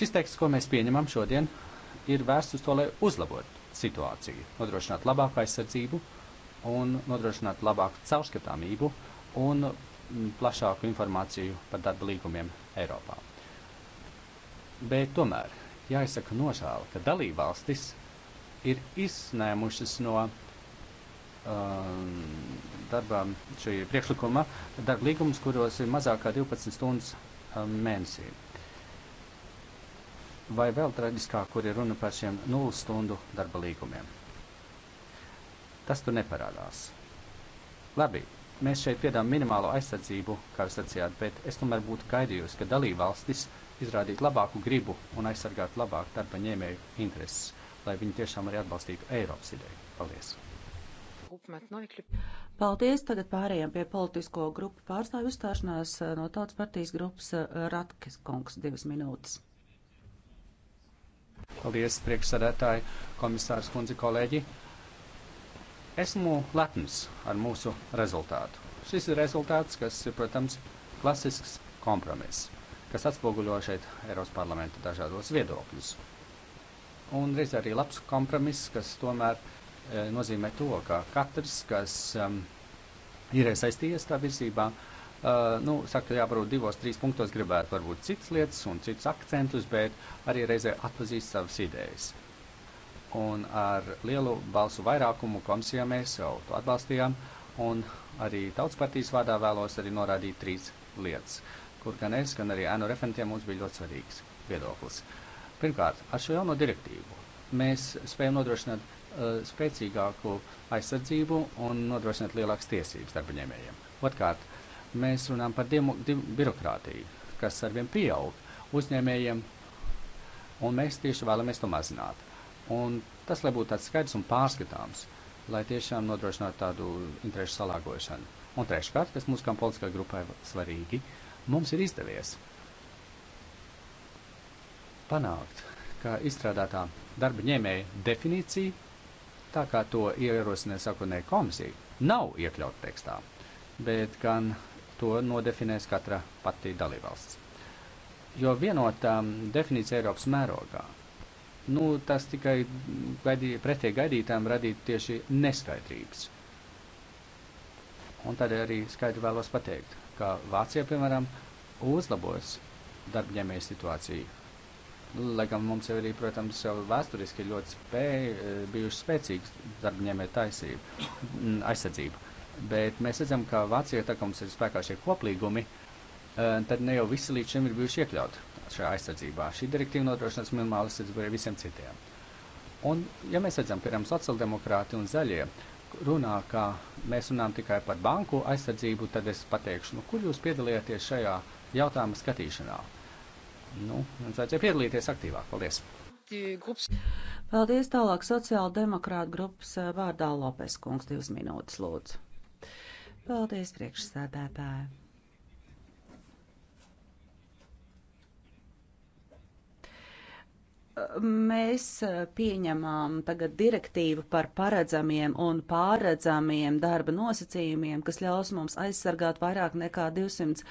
Šis teksts, ko mēs pieņemam šodien, ir vērsts uz to, lai uzlabotu situāciju, nodrošināt labāku aizsardzību un nodrošināt labāku caurskatāmību un plašāku informāciju par darba līgumiem Eiropā. Bet tomēr jāizsaka nožēla, ka dalībvalstis ir izsnēmušas no um, darba šī priekšlikuma darba līgumus, kuros ir mazāk kā 12 stundas um, mēnesī vai vēl traģiskāk, kur ir runa par šiem nulles stundu darba līgumiem. Tas tur neparādās. Labi, mēs šeit piedām minimālo aizsardzību, kā jūs sacījāt, bet es tomēr būtu gaidījusi, ka dalībvalstis izrādītu labāku gribu un aizsargātu labāk darba ņēmēju intereses, lai viņi tiešām arī atbalstītu Eiropas ideju. Paldies! Paldies! Tagad pārējām pie politisko grupu pārstāvju uzstāšanās no Tautas partijas grupas Ratkes kungs divas minūtes. Paldies, priekšsēdētāji, komisārs kundze, kolēģi. Esmu lepns ar mūsu rezultātu. Šis ir rezultāts, kas ir, protams, klasisks kompromiss, kas atspoguļo šeit Eiropas parlamenta dažādos viedokļus. Un reiz arī labs kompromiss, kas tomēr e, nozīmē to, ka katrs, kas um, ir iesaistījies tā virzībā, uh, Uh, nu, saka, jābūt divos, trīs punktos, gribētu varbūt citas lietas un citus akcentus, bet arī reizē atpazīst savas idejas. Un ar lielu balsu vairākumu komisijā mēs jau to atbalstījām, un arī tautas partijas vārdā vēlos arī norādīt trīs lietas, kur gan es, gan arī ēnu referentiem mums bija ļoti svarīgs viedoklis. Pirmkārt, ar šo jauno direktīvu mēs spējam nodrošināt uh, spēcīgāku aizsardzību un nodrošināt lielākas tiesības darbaņēmējiem. Otkārt, uh, Mēs runājam par diemu, diemu, birokrātiju, kas arvien pieaug uzņēmējiem, un mēs tieši vēlamies to mazināt. Un tas, lai būtu tāds skaidrs un pārskatāms, lai tiešām nodrošinātu tādu interesu salāgošanu. Un treškārt, kas mums kā politiskā grupai svarīgi, mums ir izdevies panākt, ka izstrādātā darba ņēmēja definīcija, tā kā to ierosinē sākotnēji komisija, nav iekļauta tekstā, bet gan to nodefinēs katra pati dalībvalsts. Jo vienotā um, definīcija Eiropas mērogā, nu, tas tikai gaidī, pretie gaidītām radītu tieši neskaidrības. Un tad arī skaidri vēlos pateikt, ka Vācija, piemēram, uzlabos darbņēmēju situāciju. Lai gan mums jau arī, protams, jau vēsturiski ļoti spēj, bijuši spēcīgs darbņēmēju taisība, mm, aizsardzība bet mēs redzam, ka Vācijā, tā kā mums ir spēkā šie koplīgumi, tad ne jau visi līdz šim ir bijuši iekļauti šajā aizsardzībā. Šī direktīva nodrošinās minimālu aizsardzību arī visiem citiem. Un, ja mēs redzam, piemēram, sociāldemokrāti un zaļie runā, ka mēs runājam tikai par banku aizsardzību, tad es pateikšu, nu, kur jūs piedalījāties šajā jautājuma skatīšanā? Nu, mums vajadzēja piedalīties aktīvāk. Paldies! Paldies tālāk sociāldemokrāta grupas vārdā Lopes kungs, divas minūtes lūdzu. Paldies, priekšsēdētāji! mēs uh, pieņemām tagad direktīvu par paredzamiem un pārredzamiem darba nosacījumiem, kas ļaus mums aizsargāt vairāk nekā 200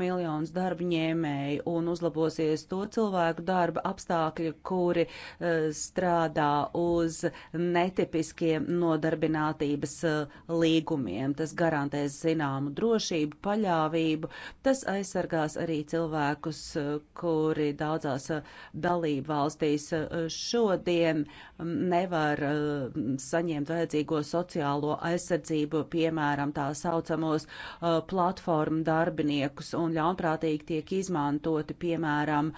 miljonus darba ņēmēju un uzlabosies to cilvēku darba apstākļi, kuri uh, strādā uz netipiskiem nodarbinātības uh, līgumiem. Tas garantēs zināmu drošību, paļāvību. Tas aizsargās arī cilvēkus, uh, kuri daudzās uh, dalību valstī valstīs eh, šodien mm, nevar eh, saņemt vajadzīgo sociālo aizsardzību, piemēram, tā saucamos eh, platformu darbiniekus un ļaunprātīgi tiek izmantoti, piemēram,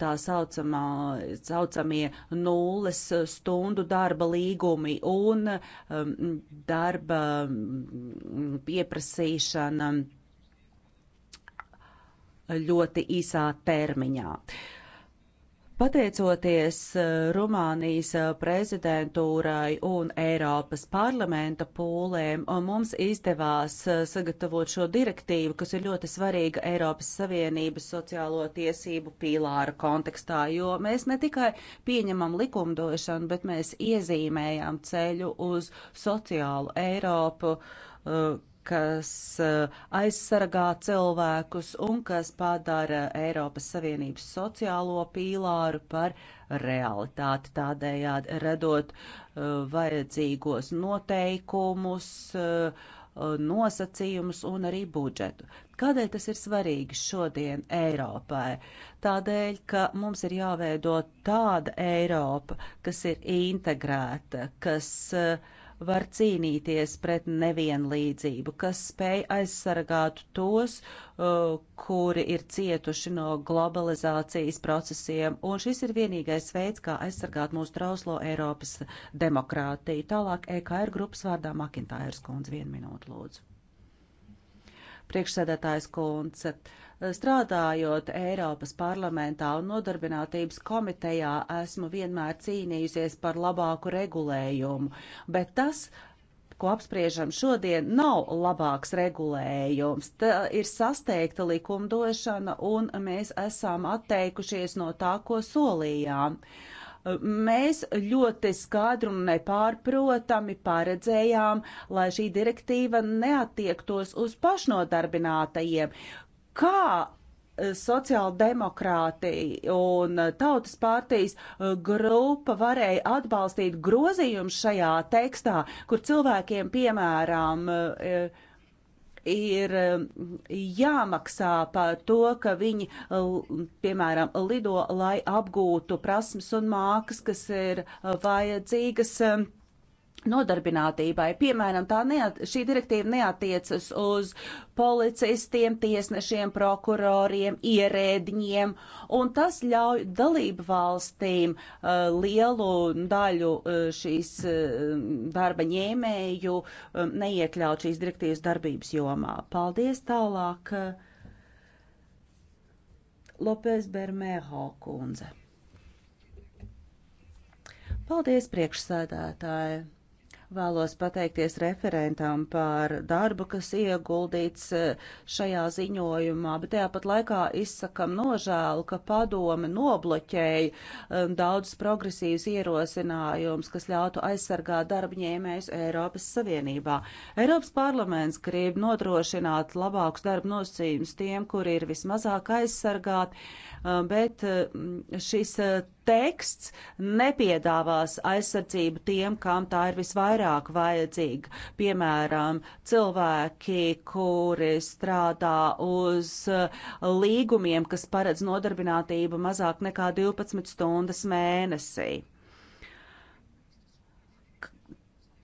tā saucamā, saucamie nulles stundu darba līgumi un mm, darba mm, pieprasīšana ļoti īsā termiņā. Uh, Pateicoties eh, Rumānijas eh, prezidentūrai un Eiropas parlamenta pūlēm, eh, mums izdevās sagatavot šo direktīvu, kas ir ļoti svarīga Eiropas Savienības sociālo tiesību pīlāra kontekstā, jo mēs ne tikai pieņemam likumdošanu, bet mēs iezīmējam ceļu uz sociālu Eiropu, kas eh, aizsargā cilvēkus un kas padara Eiropas Savienības sociālo pīlāru par realitāti, tādējādi redot eh, vajadzīgos noteikumus, eh, nosacījumus un arī budžetu. Kādēļ tas ir svarīgi šodien Eiropai? Tādēļ, ka mums ir jāveido tāda Eiropa, kas ir integrēta, kas uh, var cīnīties pret nevienlīdzību, kas spēj aizsargāt tos, uh, kuri ir cietuši no globalizācijas procesiem, un šis ir vienīgais veids, kā aizsargāt mūsu trauslo Eiropas demokrātiju. Tālāk EKR grupas vārdā Makintājas kundze, vienu minūtu lūdzu. Priekšsēdētājs kundze. Uh, Strādājot Eiropas parlamentā un nodarbinātības komitejā, esmu vienmēr cīnījusies par labāku regulējumu, bet tas, ko apspriežam šodien, nav labāks regulējums. Tā ir sasteigta likumdošana, un mēs esam atteikušies no tā, ko solījām. Mēs ļoti skaidru un nepārprotami paredzējām, lai šī direktīva neatiektos uz pašnodarbinātajiem, kā eh, sociāldemokrātija un eh, tautas partijas eh, grupa varēja atbalstīt grozījumus šajā tekstā, kur cilvēkiem, piemēram, ir jāmaksā par to, ka viņi, piemēram, lido, lai apgūtu prasmes un mākas, kas ir vajadzīgas nodarbinātībai. Piemēram, neat, šī direktīva neatiecas uz policistiem, tiesnešiem, prokuroriem, ierēdņiem, un tas ļauj dalību valstīm uh, lielu daļu uh, šīs uh, darba ņēmēju um, neiekļaut šīs direktīvas darbības jomā. Paldies tālāk. Uh, Lopez Bermeho kundze. Paldies, priekšsēdētāji! Vēlos pateikties referentam par darbu, kas ieguldīts eh, šajā ziņojumā, bet tāpat laikā izsakam nožēlu, ka padome nobloķēja eh, daudzus progresīvus ierosinājumus, kas ļautu aizsargāt darbņēmējus Eiropas Savienībā. Eiropas parlaments grib nodrošināt labākus darba nosacījumus tiem, kuri ir vismazāk aizsargāti Um, bet um, šis uh, teksts nepiedāvās aizsardzību tiem, kam tā ir visvairāk vajadzīga. Piemēram, cilvēki, kuri strādā uz uh, līgumiem, kas paredz nodarbinātību mazāk nekā 12 stundas mēnesī.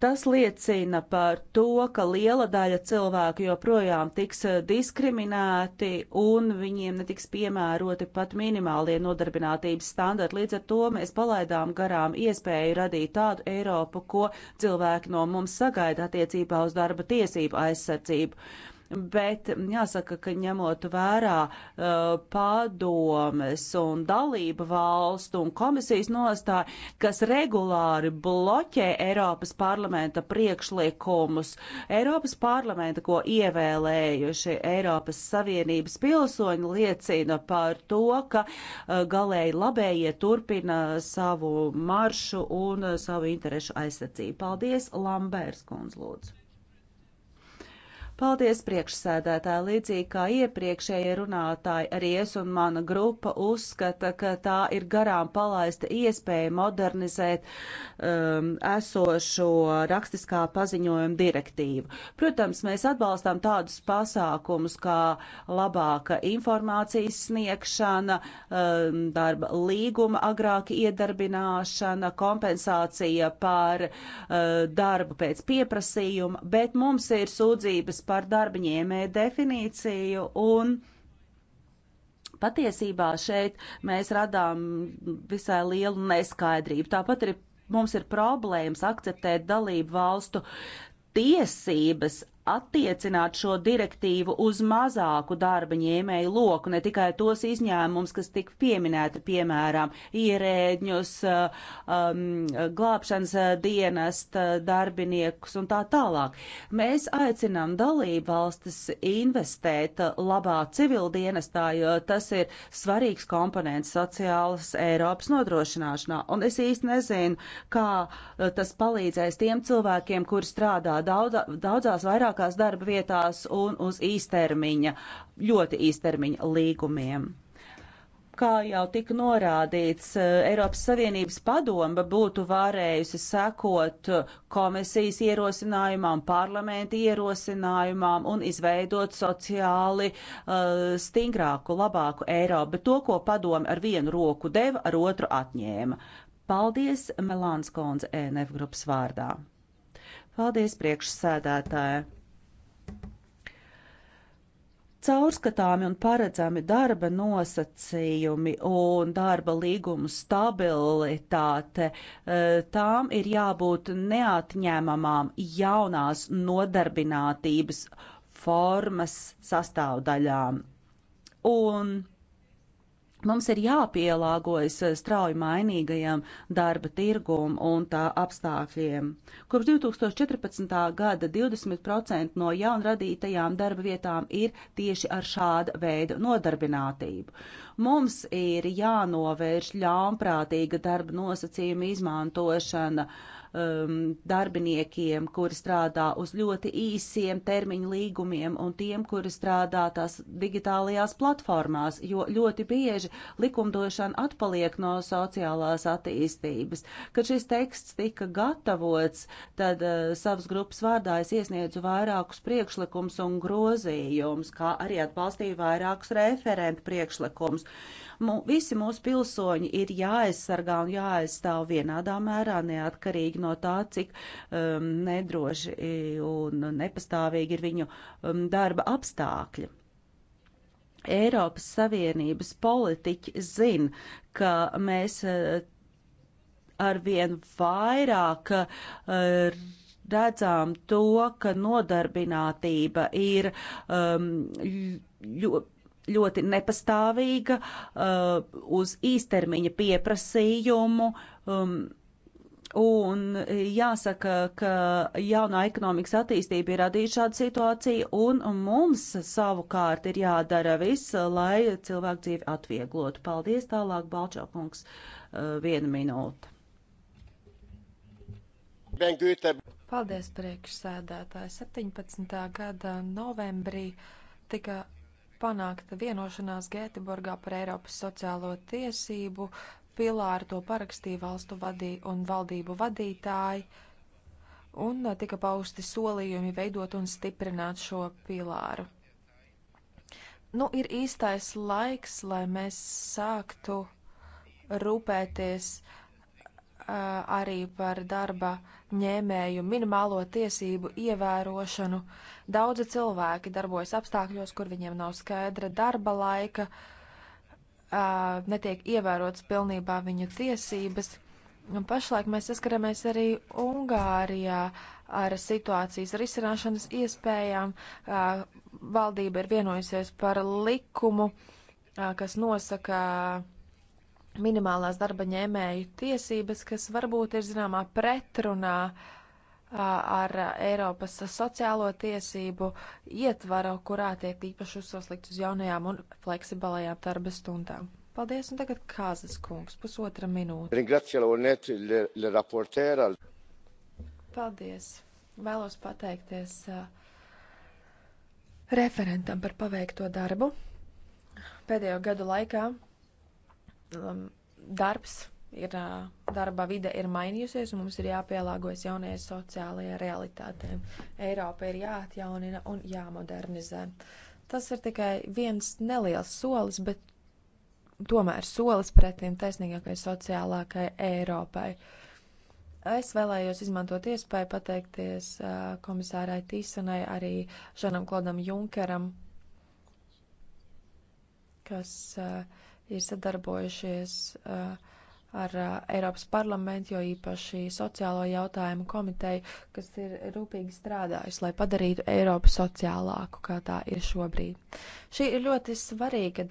Tas liecina par to, ka liela daļa cilvēku joprojām tiks eh, diskriminēti un viņiem netiks piemēroti pat minimālie nodarbinātības standarti. Līdz ar to mēs palaidām garām iespēju radīt tādu Eiropu, ko cilvēki no mums sagaida attiecībā uz darba tiesību aizsardzību bet jāsaka, ka ņemot vērā uh, padomes un dalību valstu un komisijas nostāju, kas regulāri bloķē Eiropas parlamenta priekšlikumus, Eiropas parlamenta, ko ievēlējuši Eiropas Savienības pilsoņi, liecina par to, ka uh, galēji labējie turpina savu maršu un uh, savu interešu aizsardzību. Paldies, Lambērs kundz, lūdzu. Paldies priekšsēdētāji, līdzīgi kā iepriekšējie runātāji, arī es un mana grupa uzskata, ka tā ir garām palaista iespēja modernizēt um, esošo rakstiskā paziņojuma direktīvu. Protams, mēs atbalstām tādus pasākumus kā labāka informācijas sniegšana, um, darba līguma agrāka iedarbināšana, kompensācija par uh, darbu pēc pieprasījuma, bet mums ir sūdzības par darbaņēmēju definīciju un patiesībā šeit mēs radām visai lielu neskaidrību. Tāpat arī mums ir problēmas akceptēt dalību valstu tiesības attiecināt šo direktīvu uz mazāku darba ņēmēju loku, ne tikai tos izņēmums, kas tika pieminēti, piemēram, ierēģņus, um, glābšanas dienest darbiniekus un tā tālāk. Mēs aicinām dalību valstis investēt labā civildienestā, jo tas ir svarīgs komponents sociālas Eiropas nodrošināšanā. Un es īsti nezinu, kā tas palīdzēs tiem cilvēkiem, kuri strādā daudz, daudzās vairāk labākās darba vietās un uz īstermiņa, ļoti īstermiņa līgumiem. Kā jau tika norādīts, Eiropas Savienības padoma būtu varējusi sekot komisijas ierosinājumam, parlamenta ierosinājumam un izveidot sociāli uh, stingrāku, labāku Eiropu, bet to, ko padoma ar vienu roku deva, ar otru atņēma. Paldies Melāns Konze ENF grupas vārdā. Paldies priekšsēdētāja caurskatāmi un paredzami darba nosacījumi un darba līgumu stabilitāte, eh, tām ir jābūt neatņēmamām jaunās nodarbinātības formas sastāvdaļām. Un Mums ir jāpielāgojas eh, strauji mainīgajam darba tirgum un tā apstākļiem. Kopš 2014. gada 20% no jaunradītajām darba vietām ir tieši ar šāda veida nodarbinātību. Mums ir jānovērš ļaunprātīga darba nosacījuma izmantošana. Uh, um, darbiniekiem, kuri strādā uz ļoti īsiem termiņu līgumiem un tiem, kuri strādā tās digitālajās platformās, jo ļoti bieži likumdošana atpaliek no sociālās attīstības. Kad šis teksts tika gatavots, tad uh, savas grupas vārdā es iesniedzu vairākus priekšlikumus un grozījumus, kā arī atbalstīju vairākus referentu priekšlikumus. Mū, visi mūsu pilsoņi ir jāaizsargā un jāaizstāv vienādā mērā, neatkarīgi no tā, cik um, nedroši un nepastāvīgi ir viņu um, darba apstākļi. Eiropas Savienības politiķi zin, ka mēs uh, arvien vairāk uh, redzām to, ka nodarbinātība ir um, ļoti ļoti nepastāvīga uh, uz īstermiņa pieprasījumu. Um, Un jāsaka, ka jaunā ekonomikas attīstība ir radījusi šādu situāciju, un mums savukārt ir jādara viss, lai cilvēku dzīvi atvieglotu. Paldies, tālāk Balčokungs, uh, viena minūte. Paldies, priekšsēdētāji. 17. gada novembrī tika panākta vienošanās Gēteborgā par Eiropas sociālo tiesību, pilāri to parakstīja valstu vadī un valdību vadītāji, un uh, tika pausti solījumi veidot un stiprināt šo pilāru. Nu, ir īstais laiks, lai mēs sāktu rūpēties uh, arī par darba ņēmēju minimālo tiesību ievērošanu. Daudzi cilvēki darbojas apstākļos, kur viņiem nav skaidra darba laika, netiek ievērotas pilnībā viņu tiesības. Un pašlaik mēs saskaramies arī Ungārijā ar situācijas risināšanas iespējām. Valdība ir vienojusies par likumu, kas nosaka minimālās darba ņēmēju tiesības, kas varbūt ir zināmā pretrunā ar Eiropas sociālo tiesību ietvaru, kurā tiek īpaši uzslikts uz jaunajām un fleksibilajām darba stundām. Paldies, un tagad Kāzas kungs, pusotra minūte. Paldies. Vēlos pateikties uh, referentam par paveikto darbu. Pēdējo gadu laikā Um, darbs ir, uh, darba vide ir mainījusies, un mums ir jāpielāgojas jaunajai sociālajai realitātei. Eiropa ir jāatjaunina un jāmodernizē. Tas ir tikai viens neliels solis, bet tomēr solis pretim taisnīgākai sociālākai Eiropai. Es vēlējos izmantot iespēju pateikties uh, komisārai Tīsanai, arī Žanam Klodam Junkeram, kas uh, ir sadarbojušies eh, ar eh, Eiropas parlamentu, jo īpaši sociālo jautājumu komiteju, kas ir rūpīgi strādājusi, lai padarītu Eiropu sociālāku, kā tā ir šobrīd. Šī ir ļoti svarīga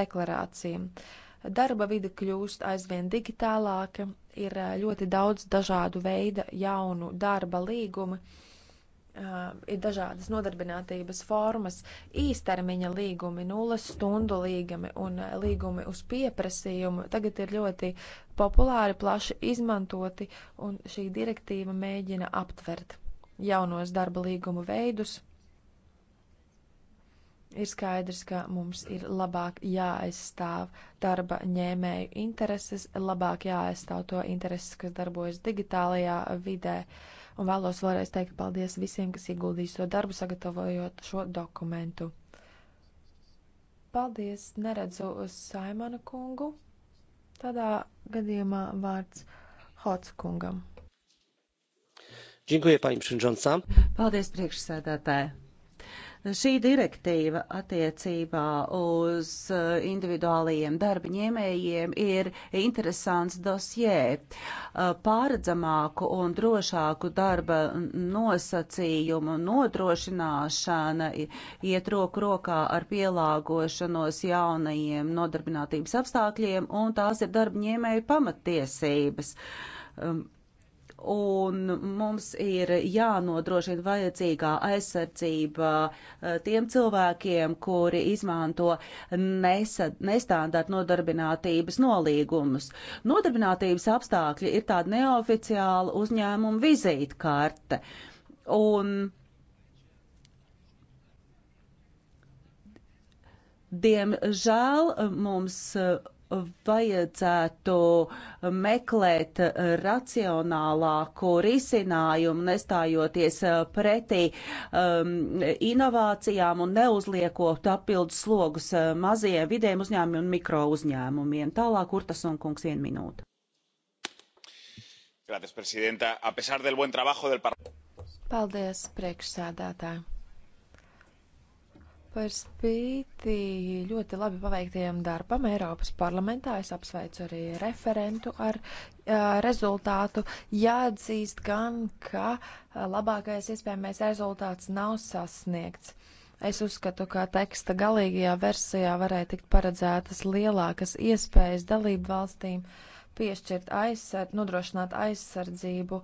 deklarācija. Darba vide kļūst aizvien digitālāka, ir eh, ļoti daudz dažādu veidu jaunu darba līgumu Uh, ir dažādas nodarbinātības formas, īstermiņa līgumi, nulles stundu līgumi un līgumi uz pieprasījumu tagad ir ļoti populāri, plaši izmantoti, un šī direktīva mēģina aptvert jaunos darba līgumu veidus. Ir skaidrs, ka mums ir labāk jāaizstāv darba ņēmēju intereses, labāk jāaizstāv to intereses, kas darbojas digitālajā vidē. Uh, un vēlos vēlreiz teikt paldies visiem, kas ieguldīja šo darbu, sagatavojot šo dokumentu. Paldies, neredzu uz Saimana kungu. Tādā gadījumā vārds Hots kungam. Paldies, priekšsēdētāji! Šī direktīva attiecībā uz eh, individuālajiem darba ņēmējiem ir interesants dosjē. Eh, Pāredzamāku un drošāku darba nosacījumu nodrošināšana iet roku rokā ar pielāgošanos jaunajiem nodarbinātības apstākļiem, un tās ir darba ņēmēju pamattiesības. Um, un mums ir jānodrošina vajadzīgā aizsardzība eh, tiem cilvēkiem, kuri izmanto nestandarta nodarbinātības nolīgumus. Nodarbinātības apstākļi ir tāda neoficiāla uzņēmuma vizītkarte. Un Diemžēl mums eh, vajadzētu meklēt racionālāku risinājumu, nestājoties pretī um, inovācijām un neuzliekot papildus slogus uh, mazajiem vidiem uzņēmumiem un mikro uzņēmumiem. Tālāk, Urtas un kungs, vienu minūtu. Paldies, priekšsēdētāji! Par spīti ļoti labi paveiktajam darbam Eiropas parlamentā es apsveicu arī referentu ar uh, rezultātu. Jāatzīst gan, ka uh, labākais iespējamais rezultāts nav sasniegts. Es uzskatu, ka teksta galīgajā versijā varēja tikt paredzētas lielākas iespējas dalību valstīm uh, piešķirt aizsardz, nodrošināt aizsardzību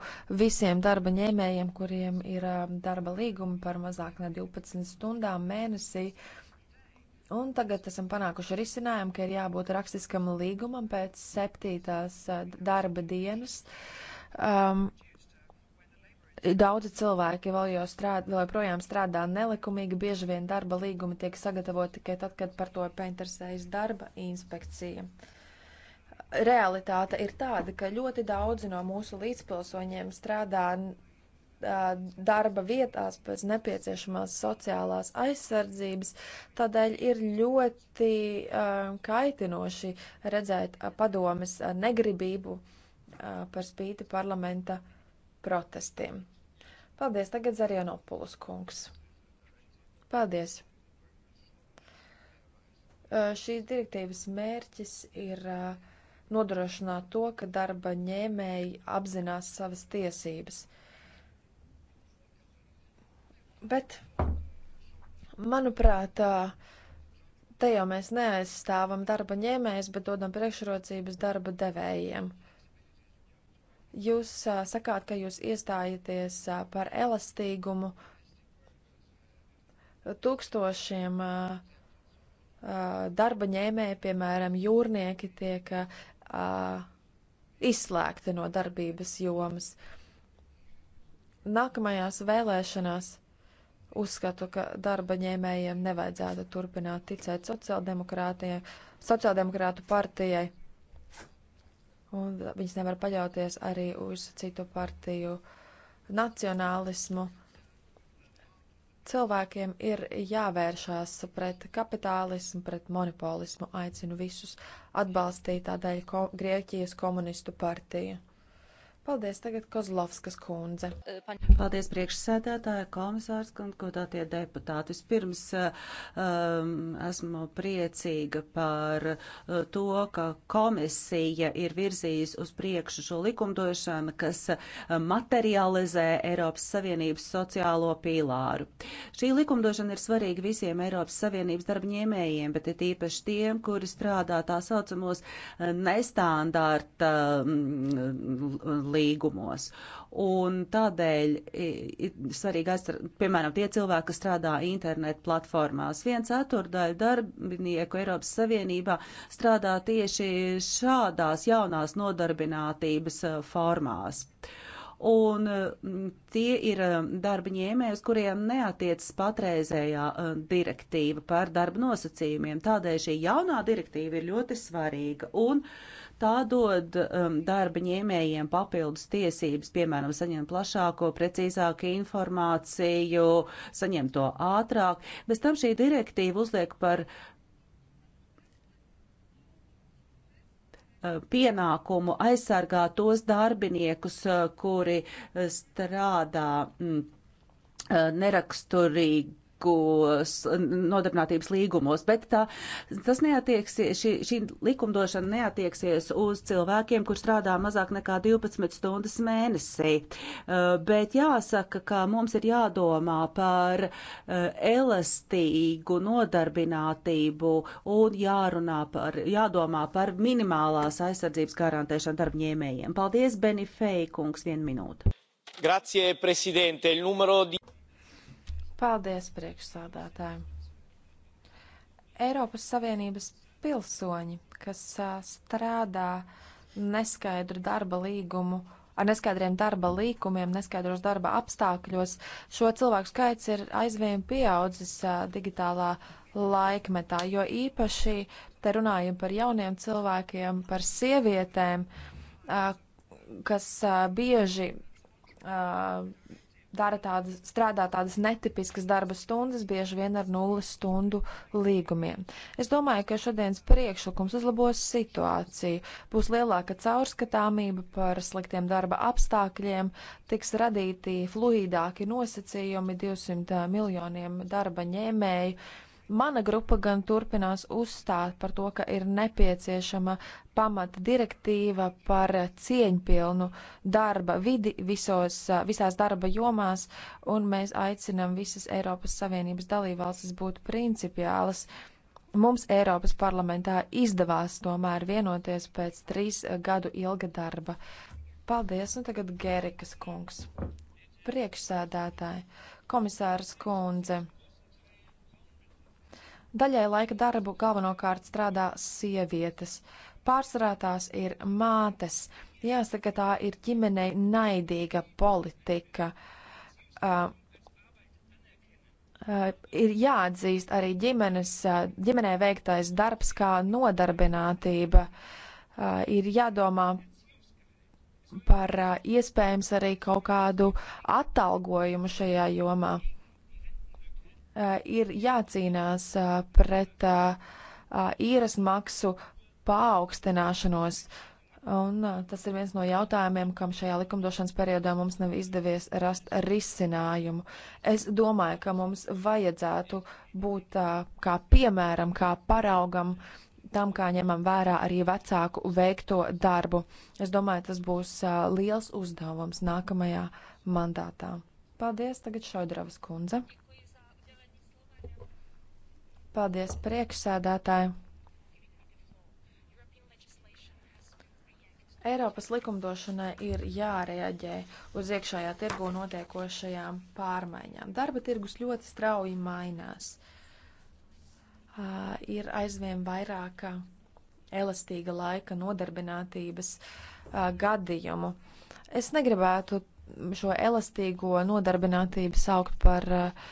visiem darba ņēmējiem, kuriem ir um, darba līgumi par mazāk ne 12 stundām mēnesī. Un tagad esam panākuši risinājumu, ka ir jābūt rakstiskam līgumam pēc septītās uh, darba dienas. Um, Daudzi cilvēki vēl, strād, vēl joprojām strādā nelikumīgi, bieži vien darba līgumi tiek sagatavoti tikai tad, kad par to painteresējas darba inspekcija. Uh, realitāte ir tāda, ka ļoti daudzi no mūsu līdzpilsoņiem strādā darba vietās pēc nepieciešamās sociālās aizsardzības, tādēļ ir ļoti kaitinoši redzēt padomes negribību par spīti parlamenta protestiem. Paldies, tagad Zarianopulus kungs. Paldies! Šīs direktīvas mērķis ir uh, nodrošināt to, ka darba ņēmēji apzinās savas tiesības. Bet, manuprāt, te jau mēs neaizstāvam darba ņēmējus, bet dodam priekšrocības darba devējiem. Jūs a, sakāt, ka jūs iestājaties a, par elastīgumu tūkstošiem a, darba ņēmēji, piemēram, jūrnieki tiek uh, izslēgti no darbības jomas. Nākamajās vēlēšanās uzskatu, ka darba ņēmējiem nevajadzētu turpināt ticēt sociāldemokrātu partijai, un viņas nevar paļauties arī uz citu partiju nacionālismu. Uh, Cilvēkiem ir jāvēršās pret kapitālismu, pret monopolismu. Aicinu visus atbalstīt tādēļ ko Grieķijas komunistu partiju. Paldies, tagad Kozlovskas kundze. Paldies, priekšsēdētāja, komisārs, godātie deputāti. Vispirms um, esmu priecīga par to, ka komisija ir virzījis uz priekšu šo likumdošanu, kas materializē Eiropas Savienības sociālo pīlāru. Šī likumdošana ir svarīga visiem Eiropas Savienības darbņēmējiem, bet ir īpaši tiem, kuri strādā tā saucamos nestandārta um, līgumos. Un tādēļ ir svarīgi aizsargāt, piemēram, tie cilvēki, kas strādā internetu platformās. Viens ceturdaļu darbinieku Eiropas Savienībā strādā tieši šādās jaunās nodarbinātības formās. Un tie ir darba ņēmējs, kuriem neatiecas patreizējā direktīva par darba nosacījumiem. Tādēļ šī jaunā direktīva ir ļoti svarīga. Un, uh, Tā dod um, darba ņēmējiem papildus tiesības, piemēram, saņemt plašāko, precīzāku informāciju, saņemt to ātrāk. Bez tam šī direktīva uzliek par uh, pienākumu aizsargāt tos darbiniekus, uh, kuri uh, strādā mm, neraksturīgi nodarbinātības līgumos, bet tā, tas neatieksies, šī, šī likumdošana neatieksies uz cilvēkiem, kur strādā mazāk nekā 12 stundas mēnesī. Uh, bet jāsaka, ka mums ir jādomā par uh, elastīgu nodarbinātību un jārunā par, jādomā par minimālās aizsardzības garantēšanu darbņēmējiem. Paldies, Benifei, kungs, vienu minūtu. Grazie, prezidente. Il numero di... Paldies, priekšsādātāji! Eiropas Savienības pilsoņi, kas strādā neskaidru darba līgumu ar neskaidriem darba līkumiem, neskaidros darba apstākļos. Šo cilvēku skaits ir aizvien pieaudzis a, digitālā laikmetā, jo īpaši te runājam par jauniem cilvēkiem, par sievietēm, a, kas a, bieži dara tādas, strādā tādas netipiskas darba stundas, bieži vien ar nulles stundu līgumiem. Es domāju, ka šodienas priekšlikums uzlabos situāciju, būs lielāka caurskatāmība par sliktiem darba apstākļiem, tiks radīti fluidāki nosacījumi 200 eh, miljoniem darba ņēmēju Mana grupa gan turpinās uzstāt par to, ka ir nepieciešama pamata direktīva par cieņpilnu darba vidi visos, visās darba jomās, un mēs aicinam visas Eiropas Savienības dalībvalstis būt principiālas. Mums Eiropas parlamentā izdevās tomēr vienoties pēc trīs gadu ilga darba. Paldies, un tagad Gērikas kungs. Priekšsēdētāji, komisārs kundze Daļai laika darbu galvenokārt strādā sievietes. Pārsvarā tās ir mātes. Jāsaka, tā ir ģimenei naidīga politika. Uh, Uh, ir jāatzīst arī ģimenes, uh, ģimenē veiktais darbs kā nodarbinātība. Uh, ir jādomā par uh, iespējams arī kaut kādu atalgojumu šajā jomā. Eh, ir jācīnās eh, pret eh, īres maksu paaugstināšanos. Un tas ir viens no jautājumiem, kam šajā likumdošanas periodā mums nav izdevies rast risinājumu. Es domāju, ka mums vajadzētu būt kā piemēram, kā paraugam tam, kā ņemam vērā arī vecāku veikto darbu. Es domāju, tas būs liels uzdevums nākamajā mandātā. Paldies, tagad Šaudravas kundze. Paldies priekšsēdētāji. Eiropas likumdošanai ir jārēģē uz iekšējā tirgu notiekošajām pārmaiņām. Darba tirgus ļoti strauji mainās. Uh, ir aizvien vairāk elastīga laika nodarbinātības uh, gadījumu. Es negribētu šo elastīgo nodarbinātību saukt par uh,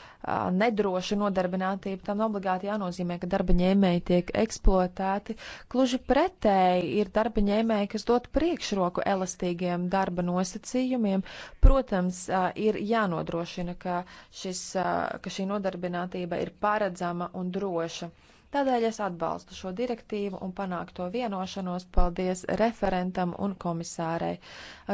nedroša nodarbinātība, tam obligāti jānozīmē, ka darba ņēmēji tiek eksploatēti. Kluži pretēji ir darba ņēmēji, kas dod priekšroku elastīgiem darba nosacījumiem. Protams, ir jānodrošina, ka, šis, ka šī nodarbinātība ir paredzama un droša. Tādēļ es atbalstu šo direktīvu un panākto vienošanos. Paldies referentam un komisārei. Esmu